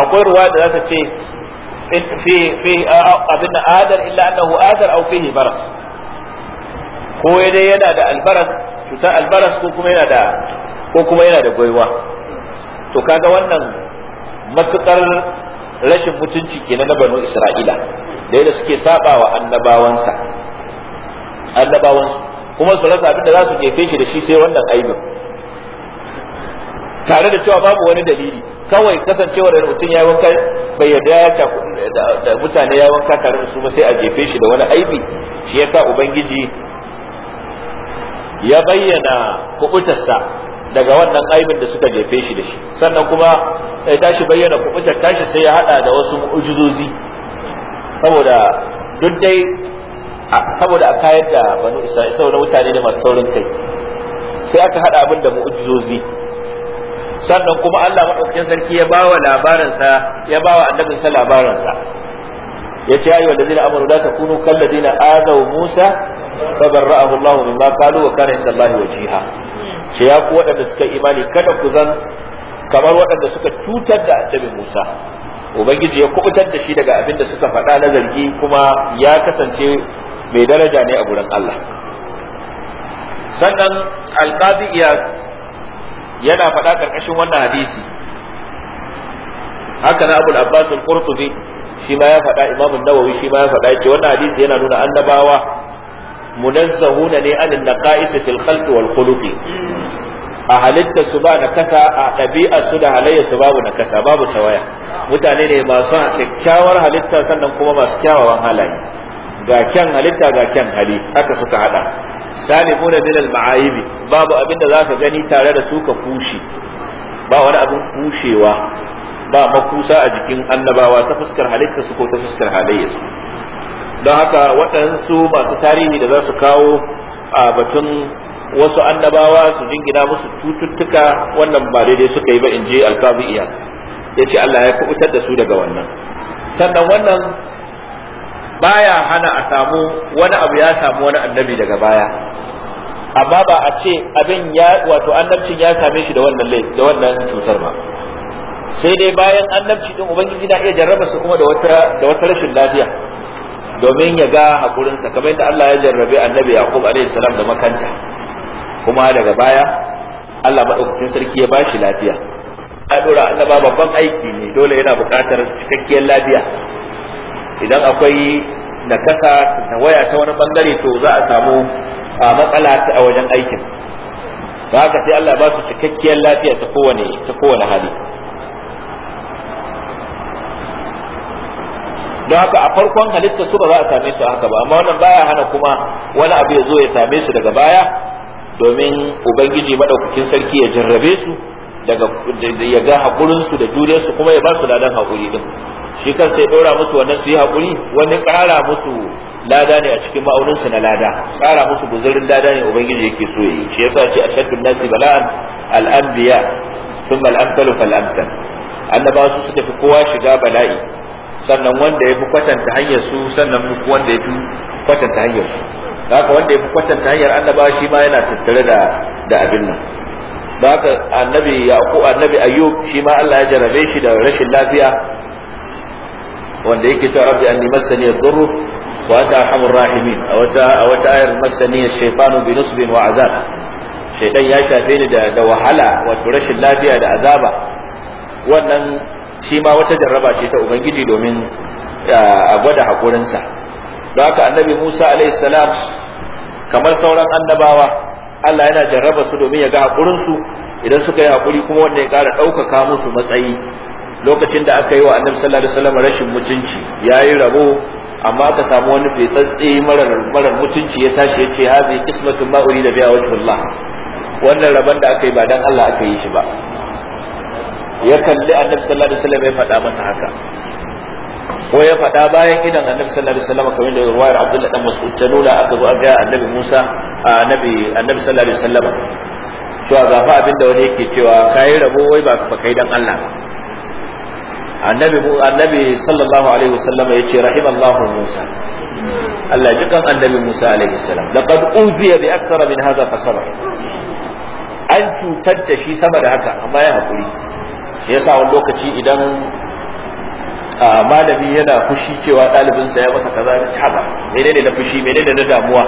akwai ruwa da za ta ce fi fi abin da adar illa annahu adar aw fihi baras ko dai yana da albaras cutar albaras ko kuma yana da ko kuma yana da gwaiwa to kaga wannan matukar rashin mutunci kenan na banu isra'ila da yadda suke saba wa annabawansa annabawansu kuma su rasa abinda da za su jefe shi da shi sai wannan aibin tare da cewa babu wani dalili kawai kasancewar da mutum ya wanka bai yarda ya ta da mutane ya wanka tare da su ba sai a jefe shi da wani aibi shi yasa ubangiji ya bayyana kubutarsa daga wannan aibin da suka jefe shi da shi sannan kuma ya tashi bayyana kubutar tashi sai ya hada da wasu mu'jizozi saboda duk dai saboda a kayar da banu isra'ila saboda mutane ne masu saurin kai sai aka hada abin da mu'jizozi sannan kuma Allah madaukakin sarki ya bawa sa ya wa annabin sa ya ce ayyuhal ladina amanu la takunu kal ladina adaw Musa fa barra'ahu Allah mimma qalu wa kana inda Allah wajiha ce ya ku waɗanda suka imani kada ku zan kamar waɗanda suka cutar da annabi Musa ubangiji ya kubutar da shi daga abin da suka faɗa na zargi kuma ya kasance mai daraja ne a gurin Allah sannan alqabi yana faɗa karkashin wannan hadisi haka na abul abbas al-qurtubi shi ma ya faɗa imam an-nawawi shi ma ya faɗa yace wannan hadisi yana nuna annabawa munazzahuna ne anin naqais fil khalqi wal a halitta su ba na kasa a ɗabi'a su da halayya su babu na kasa babu tawaya mutane ne masu kyakkyawar halitta sannan kuma masu kyawawan halaye ga kyan halitta ga kyan hali haka suka hada salimun min al ma'ayibi babu abin da zaka gani tare da su ka kushi ba wani abin kushewa ba makusa a jikin annabawa ta fuskar halitta su ko ta fuskar halayya su don haka waɗansu masu tarihi da za su kawo a batun wasu annabawa su jingina musu tututtuka wannan ba daidai suka yi ba in je alfabiya ya ce Allah ya kubutar da su daga wannan sannan wannan baya hana a samu wani abu ya samu wani annabi daga baya amma ba a ce abin ya wato annabcin ya same shi da wannan da wannan cutar ba sai dai bayan annabci din ubangiji na iya jarraba su kuma da wata da wata rashin lafiya domin ya ga haƙurinsa kamar yadda Allah ya jarrabe annabi Yaqub alaihi salam da makanta kuma daga baya Allah maɗaukakin sarki ya bashi lafiya a dora annaba babban aiki ne dole yana buƙatar cikakkiyar lafiya idan akwai nakasa ta waya ta wani bangare to za a samu matsala a wajen aikin ba haka sai Allah ba su cikakkiyar lafiya ta kowane ta kowane hali don haka a farkon halitta su ba za a same su haka ba amma wannan baya hana kuma wani abu ya zo ya same su daga baya domin ubangiji madaukakin sarki ya jarrabe su daga ya ga hakurin su da juriyar su kuma ya ba su ladan hakuri din shi kan sai dora musu wannan su yi hakuri wani kara musu lada ne a cikin ma'aunin su na lada kara musu guzurin lada ne ubangiji yake so yi shi yasa ce ashaddun nasi bala'an al-anbiya thumma al-amsalu fal-amsal annabawa su suka fi kowa shiga bala'i sannan wanda ya fi kwatanta hanyar su sannan wanda ya fi kwatanta hanyar su haka wanda ya fi kwatanta hanyar annaba shi ma yana tattare da da abin nan ba haka annabi yaqub annabi ayyub shi ma Allah ya jarabe shi da rashin lafiya wanda yake cewa rabbi anni massani masaniyar wa anta arhamur rahimin a wata a wata ayar massani ash-shaytanu bi nusbin wa azab shaytan ya shafe ni da da wahala wato rashin lafiya da azaba wannan shi ma wata jarraba ce ta ubangiji domin a gwada haƙurinsa don haka annabi musa salam kamar sauran annabawa allah yana jarraba su domin ya ga haƙurinsu idan suka yi haƙuri kuma wanda ya ƙara ɗaukaka musu matsayi lokacin da aka yi wa annabi sallallahu alaihi wasallam rashin mutunci yayi rabo amma aka samu wani fitsatsi marar mutunci ya tashi ya ce hazi qismatun ma'uri da biha wajhullah wannan rabon da aka yi ba dan Allah aka yi shi ba ya kalli annabi sallallahu alaihi wasallam ya faɗa masa haka ko ya faɗa bayan idan annabi sallallahu alaihi wasallam kamar da ruwayar Abdullah dan Mas'ud ta nuna aka zo ga annabi Musa annabi annabi sallallahu alaihi wasallam cewa ga fa abinda wani yake cewa kai rabo wai ba ka kai dan Allah annabi annabi sallallahu alaihi wasallam ya ce rahimallahu Musa Allah ji kan annabi Musa alaihi salam laqad uziya bi akthara min hadha fa sabr an cutar da shi sama da haka amma ya hakuri shi yasa wani lokaci idan malami yana fushi cewa ɗalibinsa ya masa kaza da taba menene na fushi menene na damuwa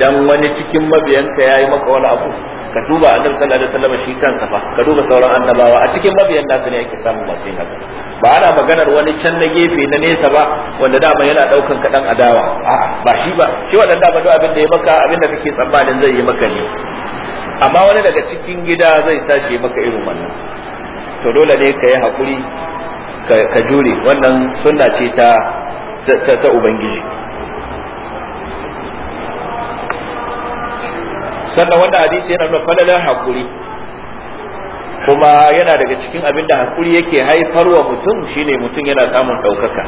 dan wani cikin mabiyanka yayi maka wani abu ka duba annabi sallallahu alaihi wasallam shi kansa fa ka duba sauran annabawa a cikin mabiyan nasu ne yake samu masu yin haka ba ana maganar wani can na gefe na nesa ba wanda dama yana daukan ka dan adawa a'a ba shi ba shi da ba duk abin da ya maka abin da kake tsammanin zai yi maka ne amma wani daga cikin gida zai tashi maka irin wannan to dole ne ka yi haƙuri ka jure wannan sunna ce ta ta ubangiji sannan wanda hadisi yana nuna falalar hakuri. kuma yana daga cikin abin da hakuri yake haifarwa mutum shine mutum yana samun ɗaukaka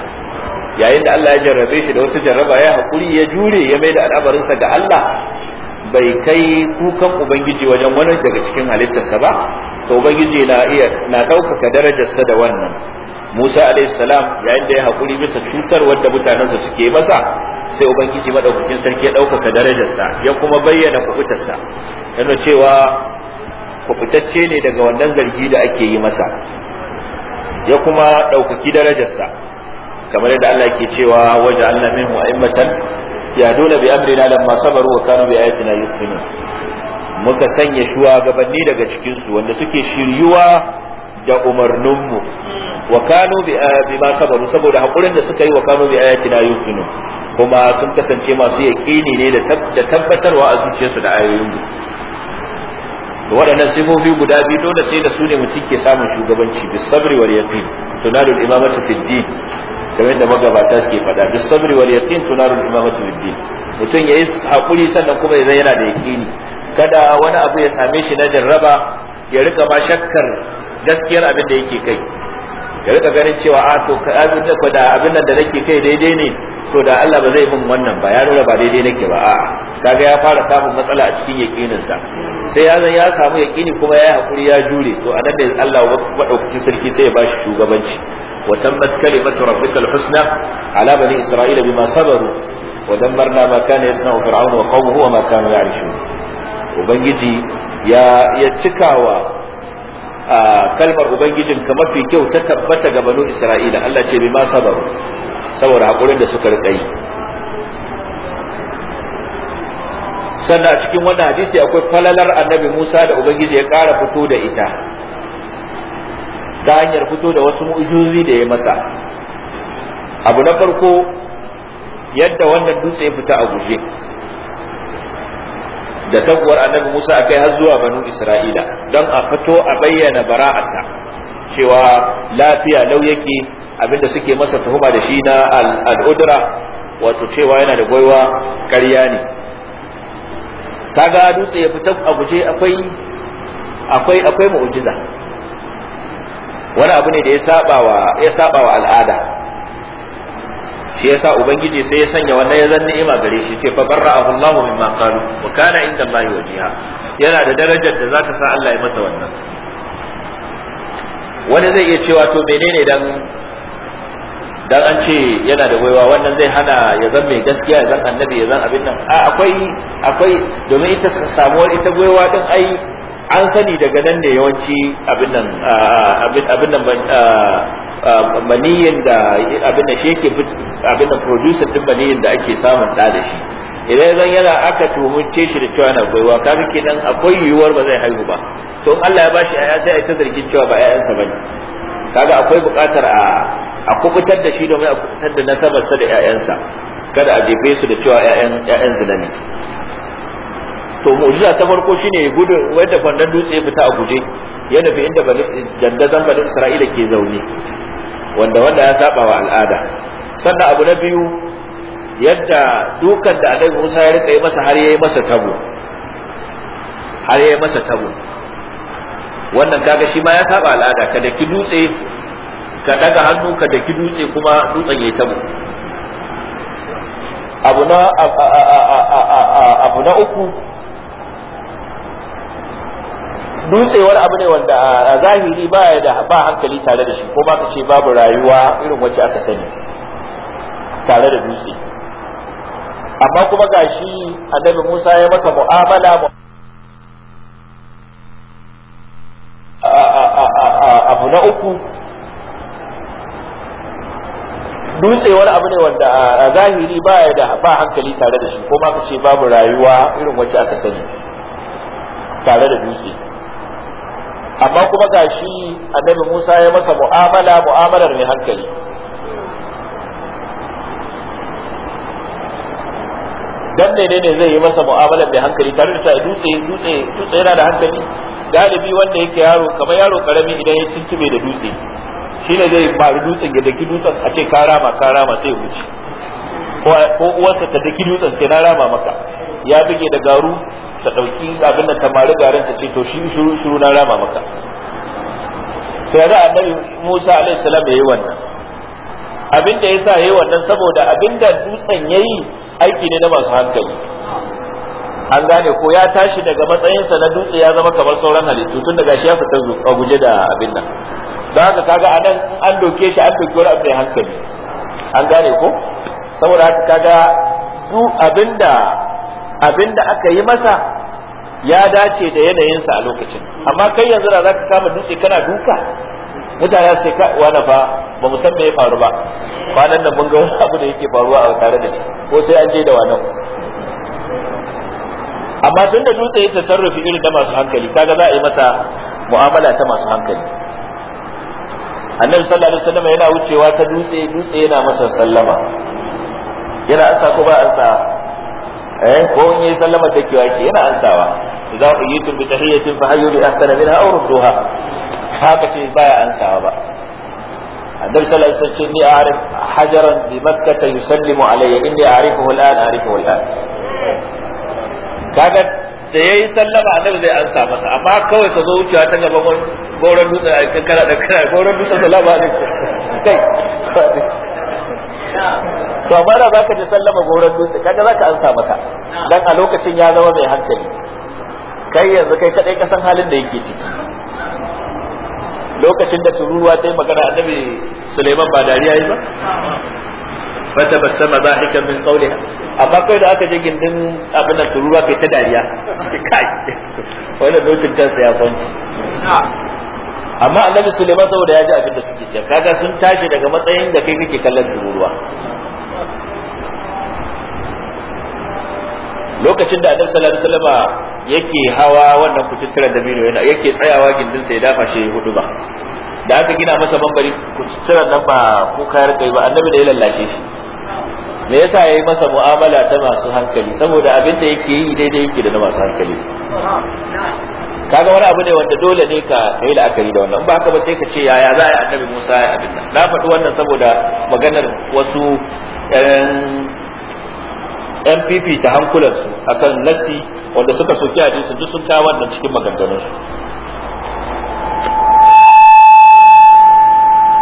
yayin da Allah ya jarrabe shi da wasu jarraba ya hakuri ya jure ya mai da al'amarinsa ga Allah bai kai kukan ubangiji wajen wani daga cikin halittarsa ba to ubangiji na iya na ɗaukaka darajarsa da wannan Musa alaihi salam yayin da ya hakuri bisa cutar wanda mutanensa suke masa sai ubangiji madaukakin sarki ya ɗaukaka darajarsa ya kuma bayyana kubutarsa yana cewa kubutacce ne daga wannan zargi da ake yi masa ya kuma ɗaukaki darajarsa kamar yadda Allah ke cewa wajen Allah minhu a'immatan dole bi amrina lamma sabaru wa kanu bi ayatina yuqinun muka sanya shugabanni daga cikin su wanda suke shiryuwa da umarninmu wa kanu bi eh, ma sabaru saboda hakurin da suka yi wa kanu bi ayatina yuqinun kuma sun kasance masu yaqini ne da tabbatarwa a zuciyarsu da ayoyinmu to waɗannan sifofi guda biyu dole sai da su ne mutum ke samun shugabanci bi sabri wal yaqin tunalul imamatu fi din kamar da magabata suke faɗa bi sabri wal yaqin tunalul imamatu fi din mutum yayi hakuri sannan kuma ya yana da yaqini kada wani abu ya same shi na jarraba ya rika ma shakkar gaskiyar abin da yake kai ya rika ganin cewa a ah, to abin da abin nan da nake kai daidai ne to da Allah ba zai min wannan ba ya nuna ba daidai nake ba a'a kaga ya fara samun matsala a cikin sa sai ya ya samu yaƙini kuma ya hakuri ya jure to anan da Allah madaukakin sarki sai ya bashi shugabanci wa tabbat kalimatu rabbika husna ala bani isra'ila bima sabaru wa dammarna ma kana yasna'u fir'aun wa qawmuhu wa ma kanu ya'rishun ubangiji ya ya cikawa kalmar ka mafi kyau ta tabbata ga banu isra'ila Allah ce bima sabaru saboda hakurin da suka rika sannan a cikin wannan hadisi akwai falalar annabi Musa da ubangiji ya ƙara fito da ita ta hanyar fito da wasu mu'ujizozi da ya masa abu na farko yadda wannan dutse ya fita a guje da sabuwar annabi Musa akai har zuwa banu Isra'ila don a fito a bayyana bara'asa. cewa lafiya lau yake abinda suke masa tuhuma da shi na al'udura wato cewa yana da gwaiwa ƙarya ne kaga dutse ya fita a guje akwai akwai akwai mu'jiza wani abu ne da ya saba wa ya saba wa al'ada shi yasa ubangiji sai ya sanya wannan ya zan ima gare shi ke fa barra Allahu mimma qalu wa kana inda Allah wajiha yana da darajar da zaka sa Allah ya masa wannan wani zai iya cewa to menene dan dan an ce yana da waiwa wannan zai hana ya zan mai gaskiya ya zan annabi ya zan abin nan a akwai akwai domin ita samuwar ita waiwa din ai an sani daga nan ne yawanci abin nan abin nan maniyin da abin da sheke abin da producer din maniyin da ake samun da da shi idan zan yana aka tumunce shi da cewa yana gwaiwa kaga kenan akwai yiwuwar ba zai haihu ba to Allah ya bashi aya sai ai ta zargin cewa ba 'ya'yansa bane kaga akwai buƙatar a a kubutar da shi domin a kubutar da nasabarsa da 'ya'yansa kada a jefe su da cewa 'ya'yan zina to mu'jiza ta farko shine gudu wanda kwandon dutse ya fita a guje ya nufi inda dandazon bani isra'ila ke zaune wanda wanda ya saba wa al'ada sannan abu na biyu yadda dukan da annabi Musa ya rika yi masa har yayi masa tabo har yayi masa tabo wannan kaga shi ma ya saba al'ada ka daki dutse ka daga hannu ka daki dutse kuma dutsen yayi tabo abu na abu na uku dutsewar abu ne wanda a zahiri ba ya da ba hankali tare da shi ko ba ka ce babu rayuwa irin wacce aka sani tare da dutse amma kuma gashi annabi Musa ya masa mu'amala dutse wani abu ne wanda a zahiri ba ya da ba hankali tare da shi ko ma ka ce babu rayuwa irin wacce aka sani tare da dutse amma kuma ga shi annabi Musa ya masa mu'amala mu'amalar mai hankali dan ne ne zai yi masa mu'amalar mai hankali tare da dutse dutse dutse yana da hankali galibi wanda yake yaro kamar yaro karami idan ya cincibe da dutse shi ne zai bari dutsen ya daki dutsen a ce karama karama sai wuce ko uwarsa ta daki dutsen sai na rama maka ya bige da garu ta dauki abin da tamari garin ta ce to shi shuru shuru na rama maka to yanzu annabi Musa alaihi salam yayi wannan abin da yasa yayi wannan saboda abin da dutsen yayi aiki ne na masu hankali an gane ko ya tashi daga matsayinsa na dutse ya zama kamar sauran halittu tun daga shi ya fita a guje da abin nan da haka kaga a nan an doke shi an doke wani abu mai hankali an gane ko saboda haka kaga du abinda abinda aka yi masa ya dace da yanayinsa a lokacin amma kai yanzu da zaka kama dutse kana duka mutane su ka wani fa ba mu san me ya faru ba kwanan nan mun ga wani abu da yake faruwa a tare da shi ko sai an je da wani amma tun da dutse ya tasarrufi irin da masu hankali kaga za a yi masa mu'amala ta masu hankali annabi sallallahu alaihi wasallam yana wucewa ta dutse dutse yana masa sallama yana ansa ko ba ansa eh ko in yi sallama da kiwa ke yana ansawa idza uyitum bi tahiyatin fa hayyu bi ahsana minha aw rudduha haka ce baya ansawa ba annabi sallallahu alaihi wasallam ya arif hajaran bi makkah يسلم علي إني أعرفه الآن أعرفه الآن كانت da ya yi sallama annabi zai ansa masa amma kawai ka zo wucewa ta gaban goron dutse a cikin kana da kana goron dutse da labarin. kai to amma da zaka ji sallama goron dutse kaga zaka ansa masa dan a lokacin ya zama mai hankali kai yanzu kai kadai kasan halin da yake ciki lokacin da tururuwa ta yi magana annabi Suleiman ba dariya yi ba fatabassama dhahikan min qawliha amma kai da aka je gindin abin da turuwa kai ta dariya kai wala dokin kansa ya kwanci amma annabi sulaiman saboda ya ji abin da suke cewa kaga sun tashi daga matsayin da kai kake kallon turuwa lokacin da annabi sallallahu alaihi wasallam yake hawa wannan kututtura da bino yana yake tsayawa gindin sai ya dafa shi hudu ba da aka gina masa bambari kututtura nan ba ko kayar kai ba annabi da ya lallashe shi me yasa yayi masa mu'amala ta masu hankali saboda abin da yake yi daidai yake da na masu hankali kaga wani abu ne wanda dole ne ka kai la'akari da wannan ba haka ba sai ka ce yaya za a yi annabi Musa ya abin nan na faɗi wannan saboda maganar wasu ta hankulan su akan nassi wanda suka soki hadisin duk sun kawo wannan cikin maganganunsu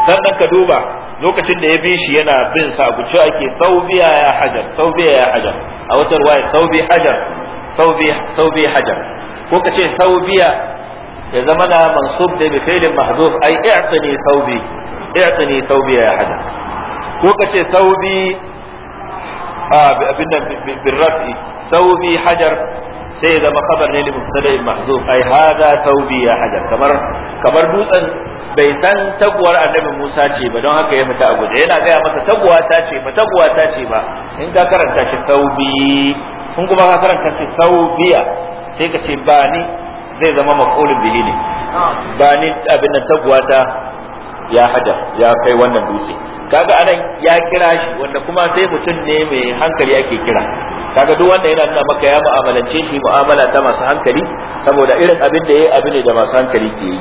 sannan ka duba lokacin da ya bi shi yana bin sa ku cewa ake saubiya ya hajar saubiya ya hajar a wata ruwaya saubi hajar saubi hajar ko ka ce saubiya ya zama na mansub da bi fi'lin ai i'tini saubi i'tini saubiya ya hajar ko ka ce saubi abin nan bin raf'i saubi hajar sai zama khabar ne limubtada mahzuf ai hada thawbi ya hajar kamar kamar dutsen bai san taguwar annabi Musa ce ba don haka ya fita a guje yana gaya masa taguwa ta ce ba taguwa ta ce ba in ka karanta shi thawbi Kun kuma ka karanta shi thawbiya sai ka ce ba ni zai zama maqulul bihi ne ba ni abin nan taguwa ta ya hajar ya kai wannan dutse kaga anan ya kira shi wanda kuma sai mutum ne mai hankali ake kira kaga duk wanda yana nuna maka ya mu'amalance shi mu'amala ta masu hankali saboda irin abin da yayi abin da masu hankali ke yi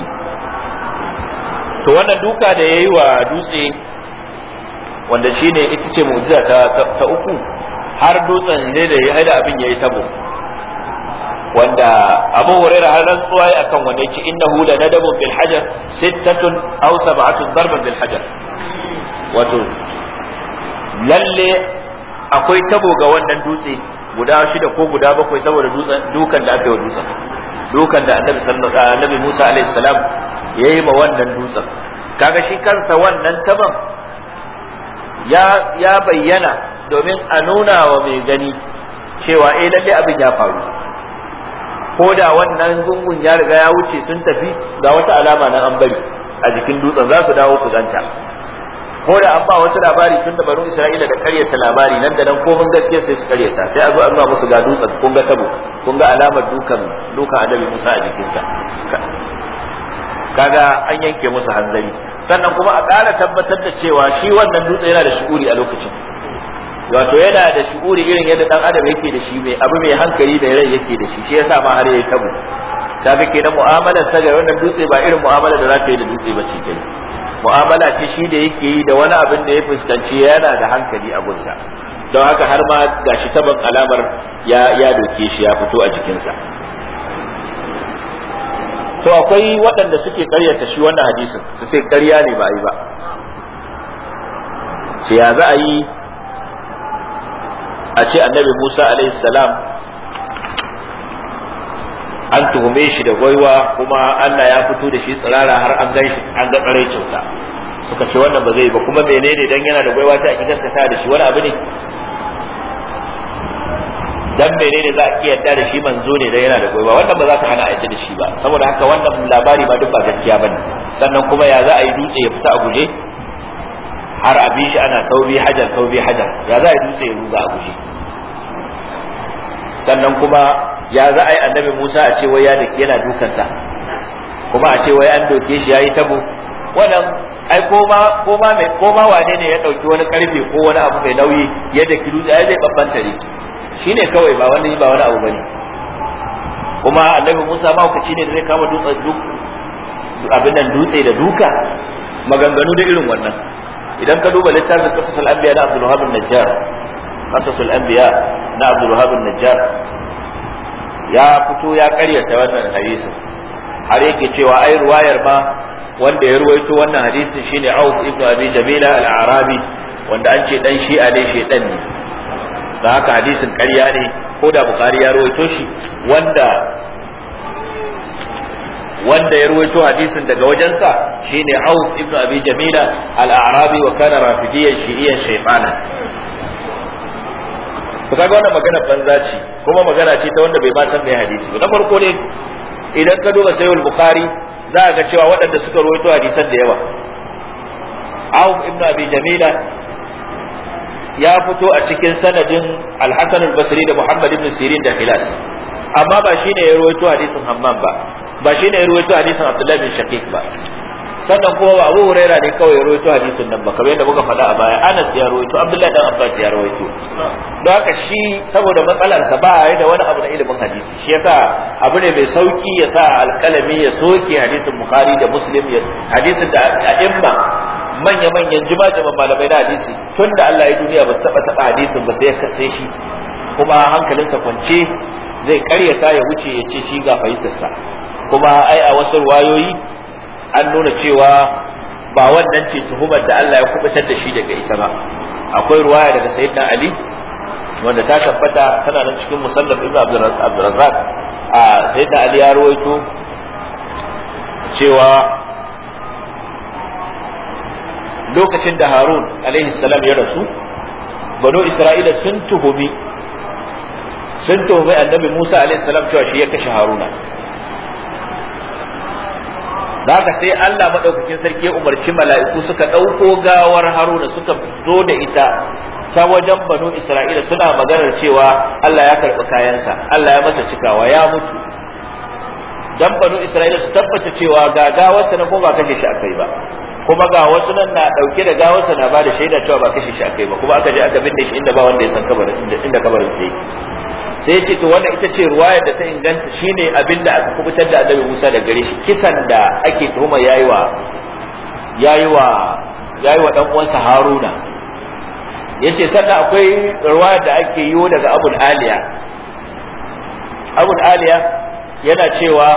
to wannan duka da yayi wa dutse wanda shine ita ce mu'jiza ta ta uku har dutsen ne da ya haida abin yayi tabo wanda Abu Hurairah har rantsuwa ya akan wanda yake innahu la nadabu bil hajar sittatun aw sab'atun darban bil hajar wato lalle akwai tabo ga wannan dutse guda shida ko guda bakwai saboda dukan da aka yi wa dutsen dukan da annabi sallallahu Musa alaihi salam yayi ma wannan dutsen kaga shi kansa wannan taban ya ya bayyana domin a nuna wa mai gani cewa eh lalle abin ya faru ko da wannan gungun ya riga ya wuce sun tafi ga wata alama na an bari a jikin dutsen za su dawo su ganta ko da an ba wasu labari tun da barun isra'ila da karyata labari nan da nan ko mun gaskiya sai su karyata sai a zo an musu ga dutsen kun ga tabo kun ga alamar dukan dukan annabi musa a jikinsa kaga an yanke musu hanzari sannan kuma a ƙara tabbatar da cewa shi wannan dutse yana da shi'uri a lokacin wato yana da shi'uri irin yadda dan adam yake da shi mai abu mai hankali da rai yake da shi shi yasa ma har yayi tabo ta fi kenan mu'amalar sa ga wannan dutse ba irin mu'amalar da za ta yi da dutse ba ce mu'amala ce shi da yake yi da wani abin da ya fuskanci yana da hankali a gunsa don haka har ma ga shi taban alamar ya ya doke shi ya fito a jikinsa to akwai waɗanda suke karyata shi wannan hadisin su ce karya ne ba a yi ba ya za a yi a ce annabi musa alaihi salam an tuhume shi da gwaiwa kuma Allah ya fito da shi tsirara har an gan shi an ga tsaraicinsa suka ce wannan ba zai ba kuma menene dan yana da gwaiwa sai a gaskata da shi wani abu ne dan menene za a ki yarda da shi manzo ne dan yana da gwaiwa wannan ba za ka hana a yarda da shi ba saboda haka wannan labari ba duk ba gaskiya bane sannan kuma ya za a yi dutse ya fita a guje har a bi shi ana saubi hajar saubi hajar ya za a yi dutse ya ruga a guje sannan kuma ya za a yi annabi Musa a ce wai ya dake yana dukansa kuma a ce wai an doke shi yayi tabo wannan ai ko ma mai ma wane ne ya dauki wani karfe ko wani abu mai nauyi ya daki dutse ai zai babbanta ne shine kawai ba wani ba wani abu bane kuma annabi Musa hukunci ne da zai kama dutsen duk abin nan dutse da duka maganganu da irin wannan idan ka duba littafin qasasul anbiya na Abdul Wahab an-Najjar qasasul anbiya na Abdul Wahhab najjar ya fito ya karyata wannan hadisin har yake cewa ai ruwayar ma wanda ya ruwaito wannan hadisin shine Auf ibn Abi Jamila al wanda an ce dan shi'a ne shedan ne da haka ne ko da ya ruwaito shi wanda ya ruwaito hadisin daga wajensa shine Auf ibn Abi Jamila al-Arabi wa kana rafidiyan shi'iyyan shaytana to kaga wannan magana banza ce kuma magana ce ta wanda bai ba san mai hadisi ba na farko ne idan ka duba sayyid bukhari za ka ga cewa waɗanda suka rawaito hadisan da yawa aw ibn Abi Jamila ya fito a cikin sanadin Al-Hasan al-Basri da Muhammad ibn Sirin da Hilas amma ba shine ya rawaito hadisin Hammam ba ba shine ya rawaito hadisin Abdullah bin Shaqiq ba sannan kuma ba Abu Huraira ne kawai ya rawaito hadisin nan ba kamar yadda muka faɗa a baya Anas ya rawaito Abdullahi dan Abbas ya rawaito don haka shi saboda matsalar sa ba yi da wani abu na ilimin hadisi shi yasa abu ne mai sauki ya sa alƙalami ya soke hadisin Bukhari da Muslim ya hadisin da a'imma manya-manyan jima-jiman malamai da hadisi tun da Allah ya duniya ba su taba taɓa hadisin ba sai ya kase shi kuma hankalinsa kwance zai karyata ya wuce ya ce shi ga sa. kuma ai a wasu wayoyi an nuna cewa ba wannan ce tuhumar da Allah ya kubutar da shi daga ita ba akwai ruwaya daga sayyidina ali wanda ta tabbata tana nan cikin musallaf ibn abdurrazzaq a sayyidina ali ya rawaito cewa lokacin da harun alaihi salam ya rasu banu isra'ila sun tuhumi sun tuhumi annabi musa alaihi salam cewa shi ya kashe haruna Zaka sai Allah madaukakin sarki ya umarci mala'iku suka ɗauko gawar haruna suka zo da ita ta wajen banu isra'ila suna maganar cewa Allah ya karɓi kayansa Allah ya masa cikawa ya mutu dan banu isra'ila su tabbata cewa ga gawarsa na ko ba kashe shi akai ba kuma ga wasu nan na dauke da gawarsa na ba da shaida cewa ba kashe shi akai ba kuma aka je aka binne shi inda ba wanda ya san kabarin inda kabarin sai sai ya ce to wannan ita ce ruwayar da ta inganta shine abin da aka kubutar da annabi Musa da gare shi kisan da ake tuhuma yayi wa yayi wa yayi wa dan uwansa Haruna yace sannan akwai ruwayar da ake yiwo daga Abu Aliya Abu Aliya yana cewa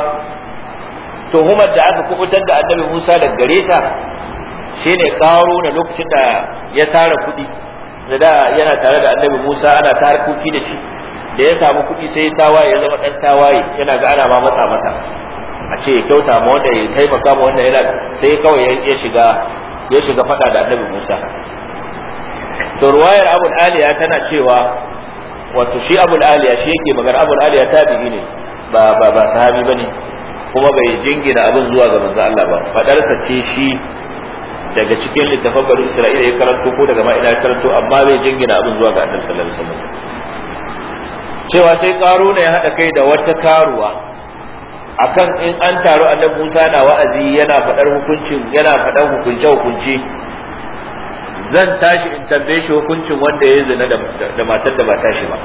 tuhumar da aka kubutar da annabi Musa da gare ta shine karo da lokacin da ya tara kuɗi da yana tare da annabi Musa ana ta harkoki da shi da ya samu kuɗi sai tawaye ya zama ɗan tawaye yana ga ana ma matsa masa a ce ya kyauta ma wanda ya taimaka ma wanda yana sai kawai ya shiga ya shiga faɗa da annabi Musa to ruwayar Abu aliya tana cewa wato shi Abu aliya shi yake magana Abu aliya tabi'i ne ba ba ba sahabi bane kuma bai jingina abin zuwa ga manzo Allah ba fadarsa ce shi daga cikin littafan bani Isra'ila ya karanto ko daga ma'ina ya karanto amma bai jingina abin zuwa ga annabi sallallahu alaihi wasallam cewa sai ne ya haɗa kai da wata karuwa akan in an taru annabi Musa na wa'azi yana faɗar hukuncin yana faɗar hukunce hukunci zan tashi in tambaye shi hukuncin wanda ya zina da matar da ba tashi ba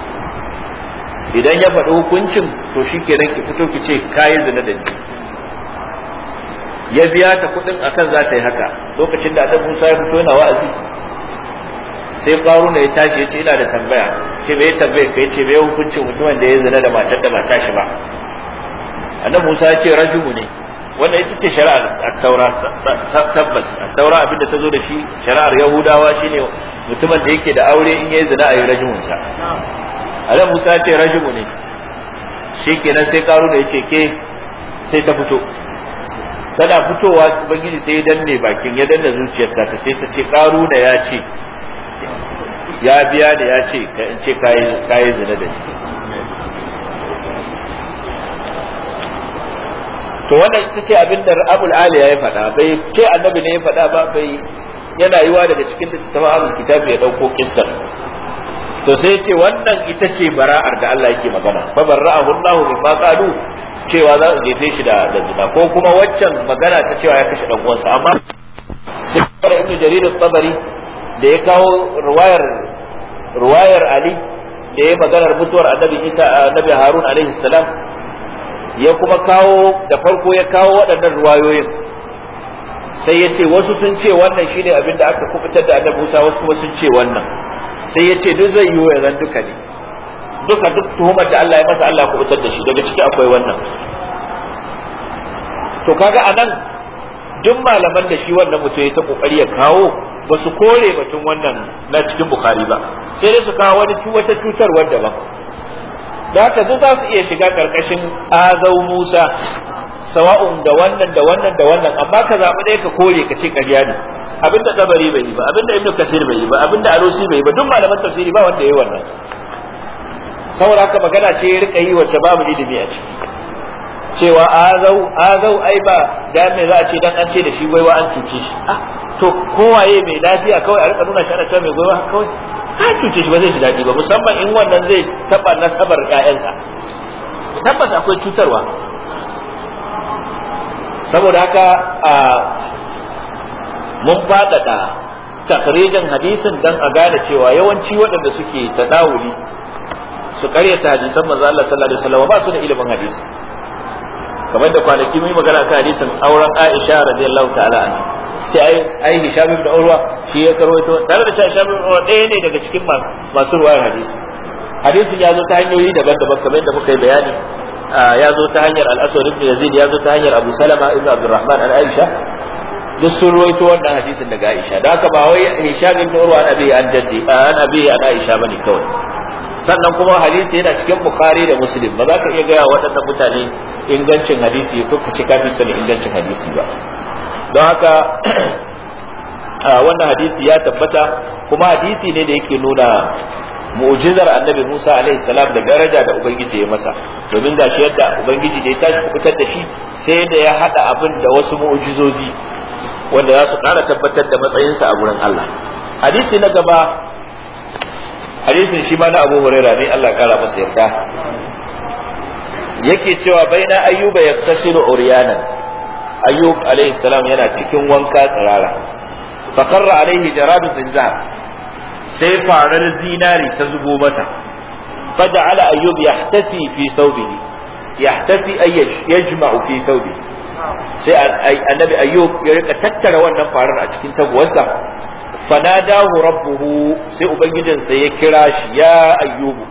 idan ya faɗi hukuncin to shi ki fito ki ce kai zina da ni ya biya ta kuɗin akan za ta yi haka lokacin da annabi Musa ya fito yana wa'azi sai ne ya tashi ya ce ina da tambaya ce bai tambaya kai ce bai hukuncin mutumin da ya zina da matar da ba tashi ba annabi Musa ya ce rajulu ne wannan ita ce shari'ar at-taura tabbas at-taura abinda ta zo da shi shari'ar yahudawa shine mutumin da yake da aure in yayi zina ayi rajulun sa annabi Musa ya ce rajulu ne shikenan sai karuna ya ce ke sai ta fito tana fitowa ubangiji sai ya danne bakin ya danne zuciyarta ta sai ta ce da ya ce ya biya da ya ce in ce kayi zina da shi to wannan ita ce abin da abul ali ya faɗa bai ce annabi ne ya faɗa ba bai yana yiwa daga cikin ta abul kitabi ya ɗauko kissan to sai ce wannan ita ce bara'ar da Allah yake magana fa bara'a Allahu bi faqalu cewa za su gefe shi da zina ko kuma waccan magana ta cewa ya kashe dan uwansa amma sai ibnu jarir at-tabari da ya kawo ruwayar ruwayar ali da ya maganar mutuwar annabi isa annabi harun alaihi salam ya kuma kawo da farko ya kawo waɗannan ruwayoyin sai ya ce wasu sun ce wannan shine abin da aka kubutar da annabi musa wasu kuma sun ce wannan sai ya ce duk zai yi wa duka ne duka duk tuhumar da Allah ya masa Allah kubutar da shi daga ciki akwai wannan to kaga anan duk malaman da shi wannan mutum ya ta kokari ya kawo ba su kore batun wannan na cikin bukari ba sai dai su kawo wani wata cutarwar ba da haka duk za su iya shiga karkashin azau musa sawa'un da wannan da wannan da wannan amma ka zaɓi ɗaya ka kore ka ce ƙarya ne abinda Kabari bai yi ba abinda ibnu kasir bai yi ba abinda arusi bai yi ba duk malaman tafsiri ba wanda ya yi wannan saboda haka magana ce ya rika yi wacce babu ilimi a ciki cewa azau azau ai ba da me za a ce dan an ce da shi wai wa an cuce shi ah, to kowaye mai lafiya kawai a rika nuna shi ana cewa mai goyon kawai ka cuce shi ba zai ji daɗi ba musamman in wannan zai taɓa nasabar ƴaƴansa tabbas akwai cutarwa saboda haka a mun faɗaɗa takrijin hadisin dan a gane cewa yawanci waɗanda suke tadawuli su karyata hadisan manzo Allah sallallahu alaihi wasallam ba su da ilimin hadisi kamar da kwanaki mun magana kan hadisin auren Aisha radiyallahu ta'ala anha sai ai ai Hisham Urwa shi ya karwaito tare da cewa Hisham Urwa ɗaya ne daga cikin masu masu ruwayar hadisi hadisi ya zo ta hanyoyi daban-daban kamar yadda muka yi bayani ya zo ta hanyar al-Aswad ibn Yazid ya zo ta hanyar Abu Salama ibn Abdurrahman al Aisha duk sun ruwaito wannan hadisin daga Aisha da haka ba wai hisabi da Urwa an abi an daddi an abi an Aisha bane kawai sannan kuma hadisi yana cikin Bukhari da Muslim ba za ka iya gaya waɗannan mutane ingancin hadisi ko ka ci kafin sanin ingancin hadisi ba don haka wannan hadisi ya tabbata kuma hadisi ne da yake nuna mu'jizar annabi Musa alaihi salam da daraja da ubangiji ya masa domin shi yadda ubangiji da ya tashi fitar da shi sai da ya hada abin da wasu mu'jizozi wanda za su ƙara tabbatar da matsayinsa a gurin Allah hadisi na gaba hadisin shi ma na Abu Hurairah ne Allah kara masa yarda yake cewa baina ayyuba yaktasilu uryanan ayyub alaihi salam yana cikin wanka tsirara fa qarra alaihi jaradu sai farar zinari ta zubo masa fa ja'ala ayyub yahtasi fi thawbihi ya tafi yajma'u fi thawbihi sai annabi ayyub ya rika tattara wannan farar a cikin taguwarsa fanadahu rabbuhu sai ubangijinsa ya kira shi ya ayyubu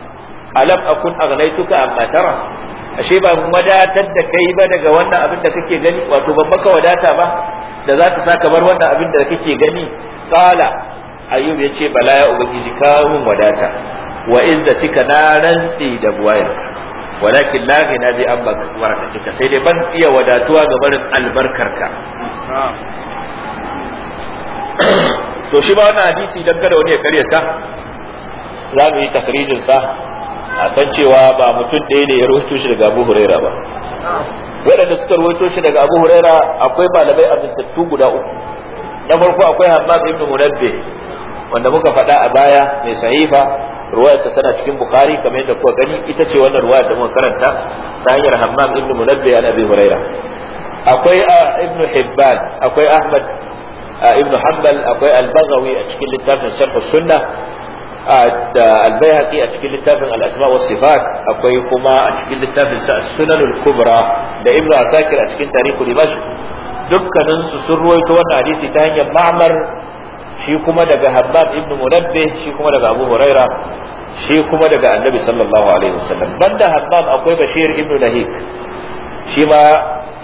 alam akun aghnaytuka amma tara ashe ba wadatar da kai ba daga wannan abin da kake gani wato ban maka wadata ba da za ka saka bar wannan abin da kake gani qala ayyub yace bala ya ubangiji kawo mun wadata wa izzatika na rantsi da buwayarka walakin la ghina bi an barakatika sai dai ban iya wadatuwa ga barin albarkarka to shi ba wannan hadisi dan kada wani ya karyata za mu yi takrijin sa akan cewa ba mutum ɗaya ne ya rubuto shi daga Abu Huraira ba waɗanda suka rubuto shi daga Abu Huraira akwai malamai amintattu guda uku na farko akwai Hammad ibn Munabbi wanda muka faɗa a baya mai sahifa sa tana cikin Bukhari kamar yadda kuka gani ita ce wannan ruwaya da muka karanta ta hanyar Hammad ibn Munabbi an Abi Huraira akwai ah, Ibn Hibban akwai Ahmad ah, ibn Hanbal akwai Al-Baghawi a cikin littafin Sharh Sunnah da albayhaqi a cikin littafin al-asma was sifat akwai kuma a cikin littafin sa sunan al-kubra da ibnu asakir a cikin tarihu dimashq dukkanin su sun ruwaito wannan hadisi ta hanyar ma'mar shi kuma daga habbab ibnu munabbih shi kuma daga abu huraira shi kuma daga annabi sallallahu alaihi wasallam banda habbab akwai bashir ibnu nahik shi ma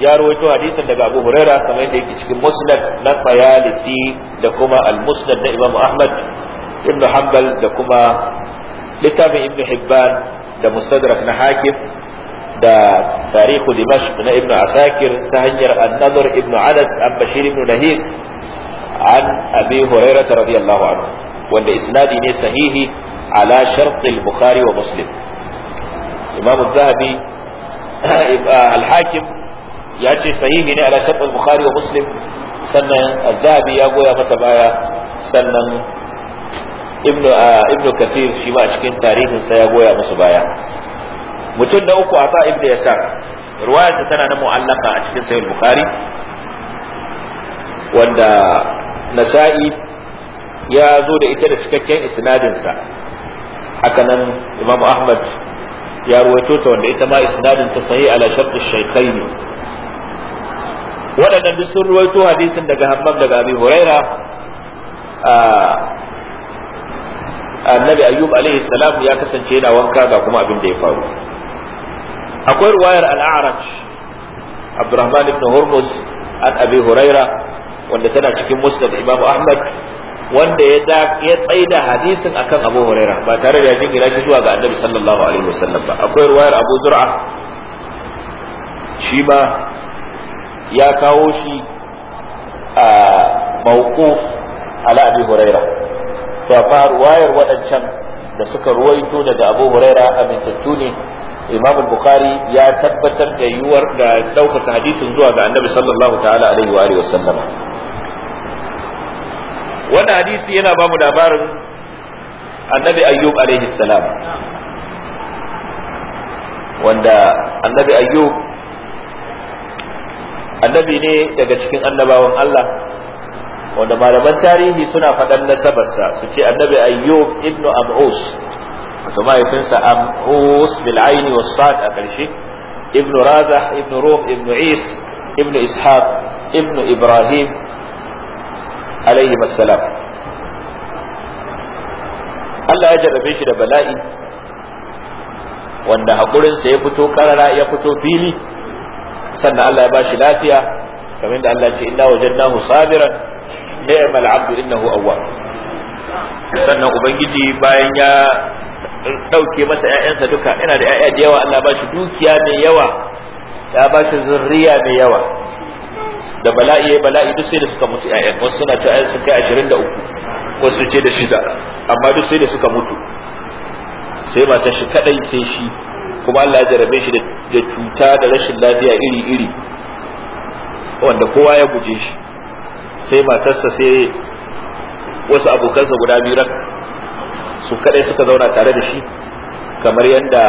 ya rawaito hadisin daga Abu Huraira kamar yadda yake cikin Musnad na Tayalisi da kuma Al-Musnad na Imam Ahmad ibnu hanbal da kuma littafin ibnu hibban da mustadrak na hakim da tarihu dimashq na ibnu asakir ta hanyar annabar nadr anas an bashir ibnu nahid an abi hurairah radiyallahu anhu wanda isnadi ne sahihi ala shart al-bukhari wa muslim imam az-zahabi al-hakim ya ce sahihi ne ala shart al-bukhari wa muslim sannan az-zahabi ya goya masa baya sannan ibnu ibnu kathir shi ma cikin tarihin sa ya goya musu baya mutum da uku ata ibnu yasar ruwayarsa tana na mu'allaka a cikin sahih bukhari wanda nasa'i ya zo da ita da cikakken isnadin sa haka nan imam ahmad ya ruwaito ta wanda ita ma isnadin ta sahih ala shartu shaykhaini waɗannan duk sun ruwaito hadisin daga Hammam daga Abi Huraira annabi ayyub alaihi salam ya kasance yana wanka ga kuma abin da ya faru akwai ruwayar al-a'raj abdurrahman ibn hurmuz an abi huraira wanda tana cikin musnad imam ahmad wanda ya da ya tsaida hadisin akan abu huraira ba tare da ya jingira shi zuwa ga annabi sallallahu alaihi wasallam ba akwai ruwayar abu zur'a shi ba ya kawo shi a mauku ala abi huraira Da faru wayar waɗancan da suka ruwaito daga abu huraira amintattu ne imam bukhari ya tabbatar da yiwuwar da ɗaukaka hadisin zuwa ga annabi sallallahu ta'ala alaihi wa wannan hadisi yana ba mu labarin annabi ayyub alaihi salam wanda annabi ayyub annabi ne daga cikin annabawan Allah wanda malaman tarihi suna faɗan nasabarsa su ce annabi ayyub ibnu am'us wato mahaifinsa am'us bil aini was sad a ƙarshe ibnu Raza, ibnu rum ibnu is ibnu ishaq ibnu ibrahim alaihi assalam Allah ya jarrabe shi da bala'i wanda haƙurinsa ya fito karara ya fito fili sannan Allah ya ba shi lafiya kamar da Allah ce inna wajadnahu sabiran ni'mal abdu innahu awwab sannan ubangiji bayan ya dauke masa ƴaƴansa duka yana da ƴaƴa da yawa Allah ba shi dukiya mai yawa ya ba shi zurriya mai yawa da bala'i ya bala'i duk sai da suka mutu ƴaƴan wasu suna ta ƴaƴan sun kai uku, wasu ce da shida amma duk sai da suka mutu sai mata shi kadai sai shi kuma Allah ya jarabe shi da cuta da rashin lafiya iri-iri wanda kowa ya guje shi sai matarsa sai wasu abokansa guda biyu su kadai suka zauna tare da shi kamar yadda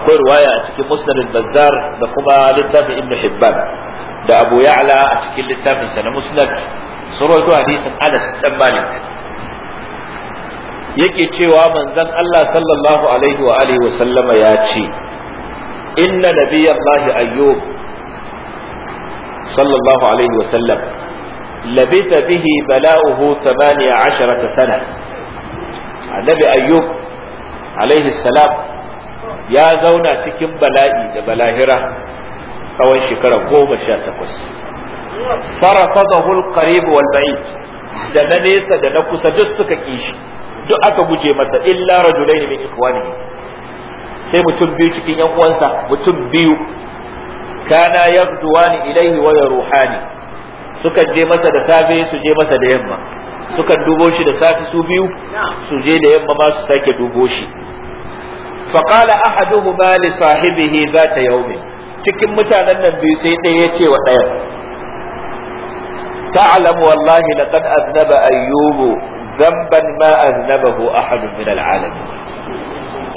akwai ruwaya a cikin musnadin bazar da kuma littafin ibn hibban da abu ya'la a cikin littafin sa na musnad sun rawaito hadisin anas dan malik yake cewa manzon Allah sallallahu alaihi wa alihi wa sallama ya ce inna nabiyallahi ayyub sallallahu alaihi wa sallam labita bihi bala'uhu 18 sana annabi ayyub alaihi salam ya zauna cikin bala'i da balahira tsawon shekara goma sha takwas farafadahu alqarib wal ba'id da na nesa da na kusa duk suka kishi duk aka guje masa illa rajulaini min ikhwanihi sai mutum biyu cikin yan uwansa mutum biyu kana yaqduwani ilaihi wa ruhani. sukan je masa da safe su je masa da yamma sukan dubo shi da safe su biyu su je da yamma ba su sake dubo shi ahaduhu ba li sahibihi zata yaumi cikin mutanen nan biyu sai ɗaya ya ce wa ɗayan تعلم والله لقد أذنب أيوب ذنبا ما أذنبه أحد من العالمين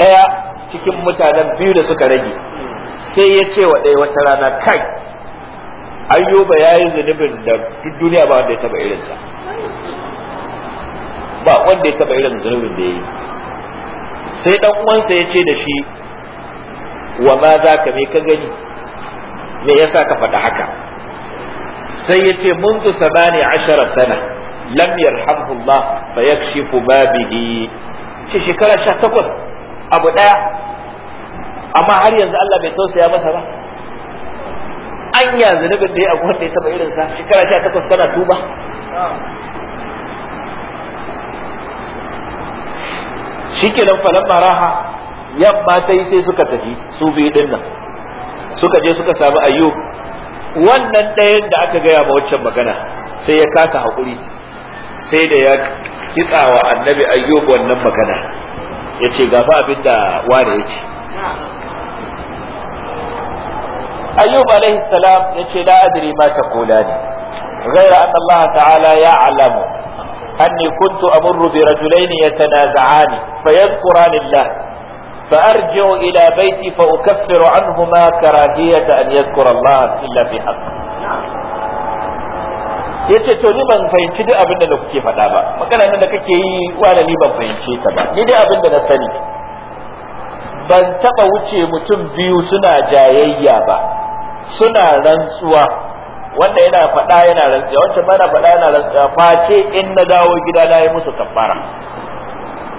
ɗaya cikin mutanen biyu da suka rage sai ya ce wa ɗaya wata rana kai ayyuba ya yi zunubin da duk duniya ba wanda ya taba irinsa ba wanda ya taba irin zunubin da ya yi sai dan uwansa ya ce da shi wa ma za ka me ka gani me yasa ka faɗa haka sai ya ce munzu sabani ashara sana lam yarhamhu Allah fa yakshifu ma bihi shi shekara 18 abu daya amma har yanzu Allah bai tausaya masa ba anya zunubin da ya abu wanda ya taba irin sa shekara sha takwas kana tuba nan falon maraha yamma ta yi sai suka tafi su biyu din nan suka je suka samu ayyu wannan ɗayan da aka gaya ma waccan magana sai ya kasa haƙuri sai da ya kitsa wa annabi ayyub wannan magana ya ce gafa abin da ware ya ce ayyub alaihi salam ya ce la adri ma taqulani ghayra anna allah ta'ala ya'lamu anni kuntu amurru bi rajulaini yatanaza'ani fayadhkurani allah فأرجع إلى بيتي فأكفر عنهما كراهية أن يذكر الله إلا في حق yace to ni ban fahimci duk abin da kuke faɗa ba maganar da kake yi wala ni ban fahimce ta ba ni dai abin da na sani ban taba wuce mutum biyu suna jayayya ba suna rantsuwa wanda yana faɗa yana rantsuwa wanda bana faɗa yana rantsuwa face in na dawo gida na yi musu kafara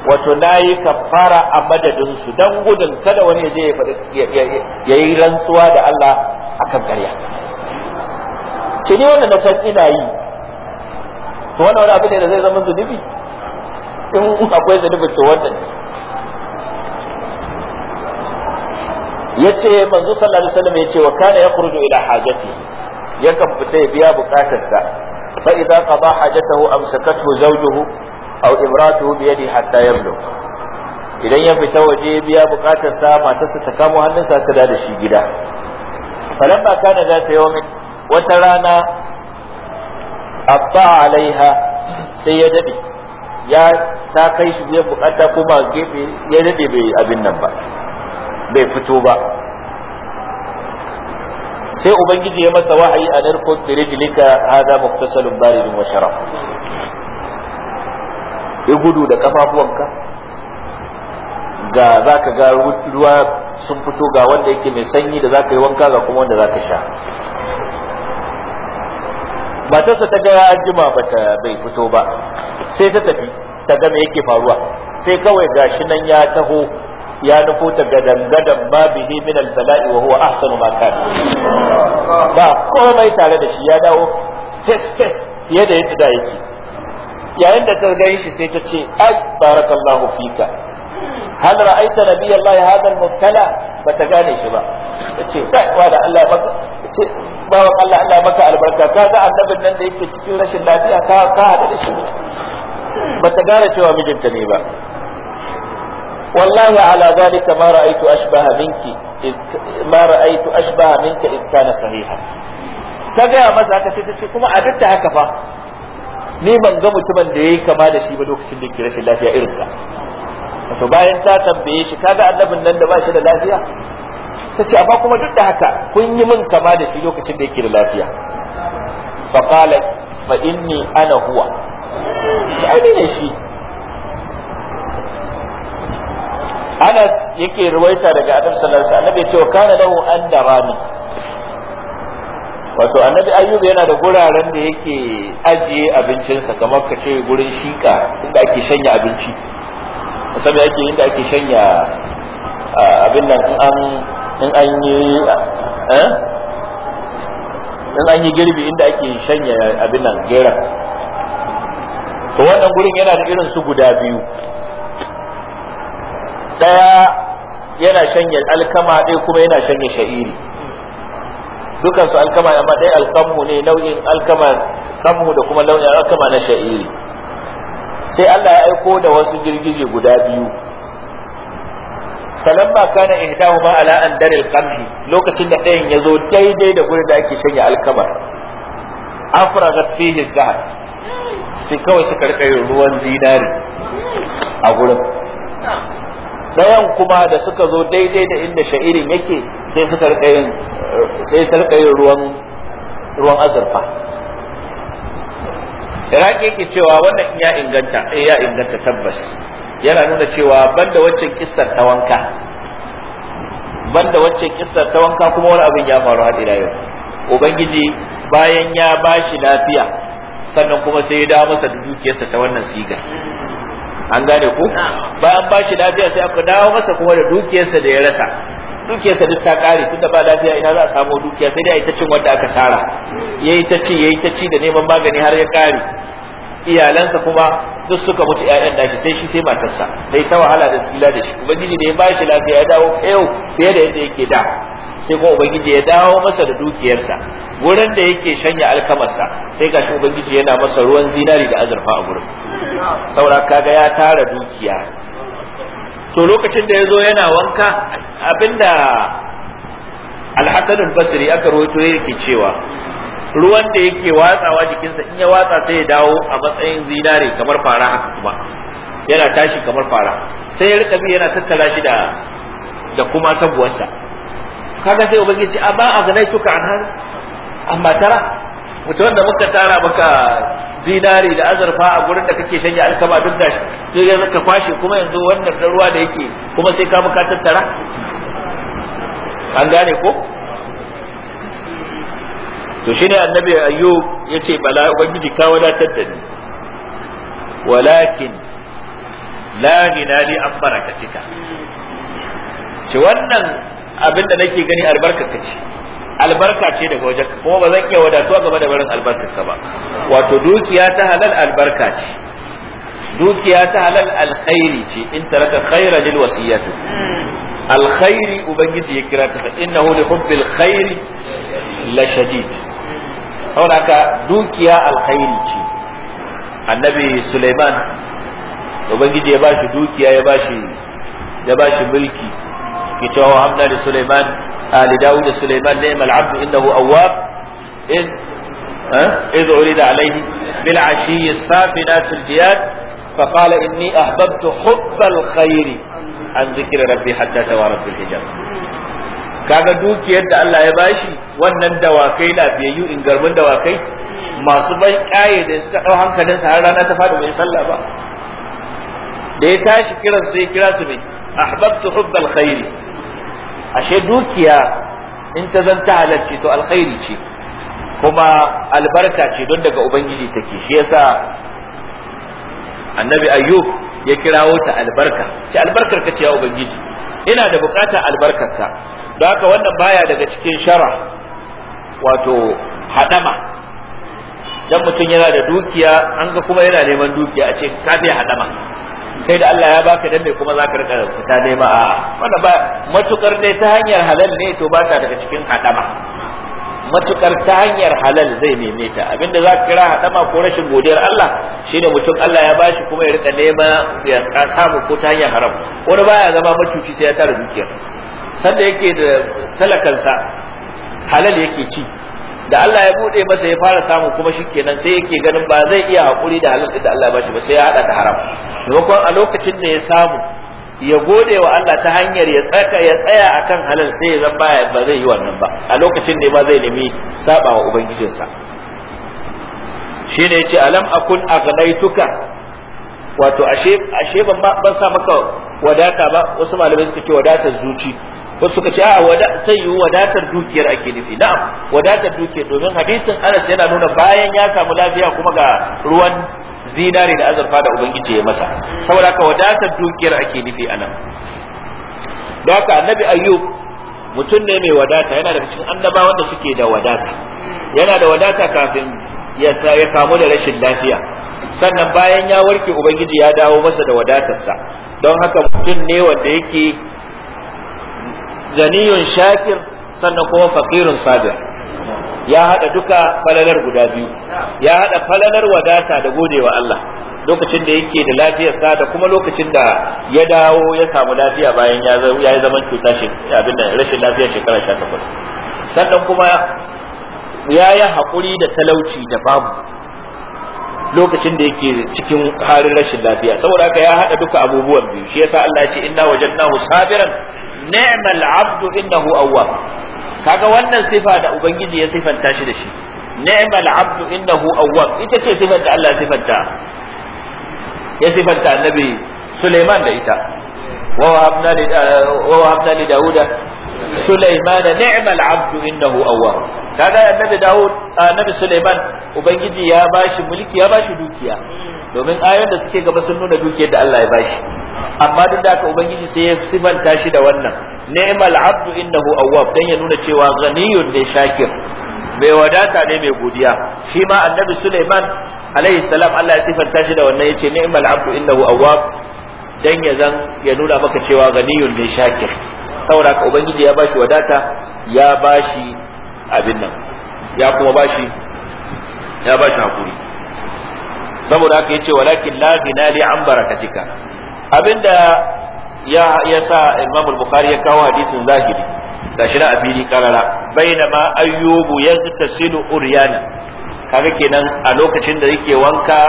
wato na yi kafara a madadin su dan gudun kada wani ya je ya yi rantsuwa da Allah akan karya ce ne wanda na san ina yi to wannan wani abu ne da zai zama zunubi in akwai zunubi to wannan yace manzo sallallahu alaihi wasallam yace wa kana yakhruju ila hajati yakan fita ya biya bukatarsa fa idza qada hajatahu amsakathu zawjuhu aw imratuhu bi yadi hatta yablugh idan ya fita waje biya bukatarsa matarsa ta kamo hannunsa ta da shi gida falamma kana za ta yawmi wata rana abba alaiha sai ya dade ya ta kai shi biyan bukata kuma gefe ya dade bai abin nan ba bai fito ba sai ubangiji ya masa wahayi a narkot birijilika hada muktasalun baridin wa sharaf ya gudu da kafafuwanka ga za ka ga ruwa sun fito ga wanda yake mai sanyi da za ka yi wanka ga kuma wanda za ka sha matarsa ta ga ajima ba ta bai fito ba sai ta tafi ta ga me yake faruwa sai kawai gashi nan ya taho ya nufo ta gadan gadan ma bihi min al-bala'i wa huwa ahsanu ma kana ba komai tare da shi ya dawo fes fes fiye da yadda da yake yayin da ta gani shi sai ta ce ai barakallahu fika hal ra'aita nabiyallahi hadha al-mubtala bata gane shi ba tace kai wa da Allah maka tace bawa Allah Allah maka albarka kaga annabin nan da yake cikin rashin lafiya ka ka hada da shi bata gane cewa mijinta ne ba wallahi ala zalika ma ra'aytu ashbaha minki ma ra'aytu ashbaha minka in kana sahiha ta gaya maza ka sai ta ce kuma a duk da haka fa ni ban ga mutumin da yayi kama da shi ba lokacin da yake rashin lafiya irin ka to bayan ta tambaye shi kaga annabin nan da ba shi da lafiya ta ce amma kuma duk da haka kun yi min kama da shi lokacin da yake da lafiya fa qala fa inni ana huwa shi ne shi Anas yake ruwaita daga Adam sallallahu alaihi wasallam cewa kana lahu an darani wato annabi ayyub yana da guraren da yake ajiye abincinsa kamar ka ce gurin shika inda ake shanya abinci musamman yake inda ake shanya abin nan in an yi eh? in an yi girbi inda ake shanya abin nan gera to wannan gurin yana da irin su guda biyu daya yana shanye alkama ɗaya kuma yana shanye sha'iri dukan su alkama amma ɗaya alkamu ne nau'in alkama kamu da kuma nau'in alkama na sha'iri sai Allah ya aiko da wasu girgije guda biyu Salam ba kana ihdahuma ala an daril qamhi lokacin da ɗayan ya zo daidai da gurin da ake shanye alkama. afragat fihi dhahab sai kawai suka rika yin ruwan zinari a gurin ɗayan kuma da suka zo daidai da inda sha'irin yake sai suka rika yin sai ta rika yin ruwan ruwan azurfa iraki yake cewa wannan ya inganta eh, ya inganta tabbas yana nuna cewa banda waccan kissar ta wanka banda waccan kissar ta wanka kuma wani abin ya faru har ila yau ubangiji bayan ya bashi lafiya sannan kuma sai ya dawo masa dukiyarsa ta wannan siga an gane ku bayan ba shi lafiya sai aka dawo masa kuma da dukiyarsa da ya rasa dukiyarsa duk ta kare tunda ba lafiya ina za a samu dukiya sai dai a yi ta cin wanda aka tara yayi ta ci yayi ta ci da neman magani har ya kare iyalansa kuma duk suka mutu ƴaƴan shi sai shi sai matarsa sai ta wahala da tsila da shi ubangiji da ya ba shi lafiya ya dawo yau fiye da yadda yake da sai kuma ubangiji ya dawo masa da dukiyarsa gurin da yake shanya alkamarsa sai shi ubangiji yana masa ruwan zinari da azurfa a gurin saboda kaga ya tara dukiya to lokacin da ya zo yana wanka abinda alhassan basri aka rawaito yake cewa ruwan da yake watsawa jikinsa in ya watsa sai ya dawo a matsayin zinari kamar fara haka kuma yana tashi kamar fara sai ya rika bi yana tattala shi da da kuma tabuwarsa kaga sai ubangiji a ba a ganai tuka an hada amma tara Wata wanda muka tara maka zinari da azurfa a gurin da kake shanye alkama duk da sai ya ka kwashe kuma yanzu wannan da ruwa da yake kuma sai ka muka tattara an gane ko to shine annabi ayyub yace bala ubangiji ka wadatar da ni walakin la ghina an barakatika ce wannan abin da nake gani albarka ka ce albarka ce daga wajen ka, kuma ba zan iya wadatuwa game da barin albarka ka ba wato dukiya ta halal albarka ce dukiya ta halal alkhairi ce in taraka khaira lil wasiyatu alkhairi ubangiji ya kira ta innahu li hubbil khairi la shadid haka dukiya alkhairi ce annabi Suleiman ubangiji ya bashi dukiya ya bashi ya bashi mulki كتاب وهبنا لسليمان آل داود سليمان نعم العبد إنه أواب إذ أه؟ إذ عرض عليه بالعشي الصافنات الجياد فقال إني أحببت حب الخير عن ذكر ربي حتى توارت بالحجاب kaga dukiyar da Allah ya bashi wannan dawakai lafiyayyu in garman dawakai masu bai kaye da suka dau hankalinsa har rana ta faɗi bai sallah ba da ya tashi kiran sai kira su mai ahbabtu hubbal khairi ashe dukiya in ta zanta halarci to alkhairi ce kuma albarka ce don daga ubangiji take shi yasa annabi ayyub ya kirawo ta albarka ce albarkar ka ce ya ubangiji ina da bukatar albarkarka don haka wannan baya daga cikin shara wato hadama dan mutum yana da dukiya an ga kuma yana neman dukiya a ce ka hadama kai da Allah ya baka dan mai kuma zaka rika fita nema a wanda ba matukar dai ta hanyar halal ne to ba ta daga cikin hadama matukar ta hanyar halal zai neme ta abinda za ka kira hadama ko rashin godiyar Allah shine mutum Allah ya bashi kuma ya rika nema ya samu ko ta hanyar haram wani baya zama macuci sai ya tara dukiyar sanda yake da talakansa halal yake ci da Allah ya bude masa ya fara samu kuma shikenan sai yake ganin ba zai iya hakuri da halin da Allah ya bashi ba sai ya hada da haram maimakon a lokacin da ya samu ya gode wa Allah ta hanyar ya tsaka ya tsaya akan halal sai ya zan baya ba zai yi wannan ba a lokacin ne ba zai nemi saba wa ubangijinsa shine yace alam akun aghlaituka wato ashe ashe ban ban sa maka wadata ba wasu malamai suka ce wadatar zuci ko suka ce a wada sai yi wadatar dukiyar ake nufi na'am wadatar dukiyar domin hadisin Anas yana nuna bayan ya samu lafiya kuma ga ruwan zinare da azurfa da ubangiji ya masa saboda ka wadatar dukiyar ake nufi anan don haka annabi ayyub mutum ne mai wadata yana daga cikin annaba wanda suke da wadata yana da wadata kafin ya kamu da rashin lafiya sannan bayan ya warke ubangiji ya dawo masa da wadatarsa don haka mutum ne wanda yake ganiyun shakir sannan kuma faqirin sabir ya hada duka falalar guda biyu ya hada falalar wadata da godewa Allah lokacin da yake da sa da kuma lokacin da ya dawo ya samu lafiya bayan ya yi zaman cuta abin da rashin lafiya shekara 18 sannan kuma ya yi haƙuri da talauci da babu lokacin da yake cikin halin rashin lafiya saboda haka ya hada duka abubuwan biyu shi yasa Allah ya ce inna wajadnahu sabiran ni'mal abdu innahu awwab kaga wannan sifa da ubangiji ya sifanta shi da shi ni'mal abdu innahu awwab ita ce sifar da Allah sifanta ya sifanta annabi Sulaiman da ita wa wahabna li wa wahabna li Dawuda Sulaiman ni'mal abdu innahu awwab kaga annabi Dawud annabi Sulaiman ubangiji ya bashi mulki ya bashi dukiya domin ayoyin da suke gaba sun nuna dukiyar da Allah ya bashi amma duk da haka ubangiji sai ya sifanta shi da wannan ni'mal abdu innahu awwab dan ya nuna cewa ghaniyun da shakir mai wadata ne mai godiya shi ma annabi Sulaiman alaihi salam Allah ya sifanta shi da wannan yace ni'mal abdu innahu awwab dan ya zan ya nuna maka cewa ganiyun da shakir saboda ubangiji ya bashi wadata ya bashi abin nan ya kuma bashi ya bashi hakuri saboda haka yace walakin la li an barakatika abinda ya yasa Imam al-Bukhari ya kawo hadisin zahiri gashi na abiri karara ma ayyubu yaghtasilu uryana kaga kenan a lokacin da yake wanka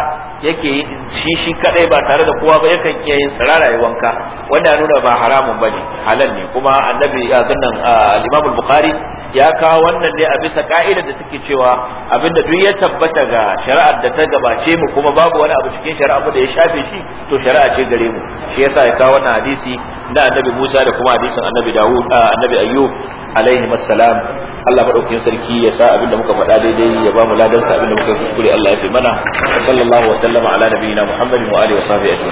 yake yi shi shi kadai ba tare da kowa ba yakan iya yin tsirara ya wanka wanda ya nuna ba haramun ne halal ne kuma annabi sunan al-Imam al-Bukhari ya kawo wannan ne a bisa ka'idar da take cewa abinda duk ya tabbata ga shari'ar da ta gabace mu kuma babu wani abu cikin shari'a da ya shafe shi to shari'a ce gare mu shi yasa ya kawo wannan hadisi na annabi Musa da kuma hadisin annabi Dawud annabi Ayyub alaihi assalam Allah madaukakin sarki ya sa abinda muka faɗa daidai ya ba mu ladan sa abinda muka kuskure Allah ya fi mana sallallahu alaihi وسلم على نبينا محمد وآله وصحبه أجمعين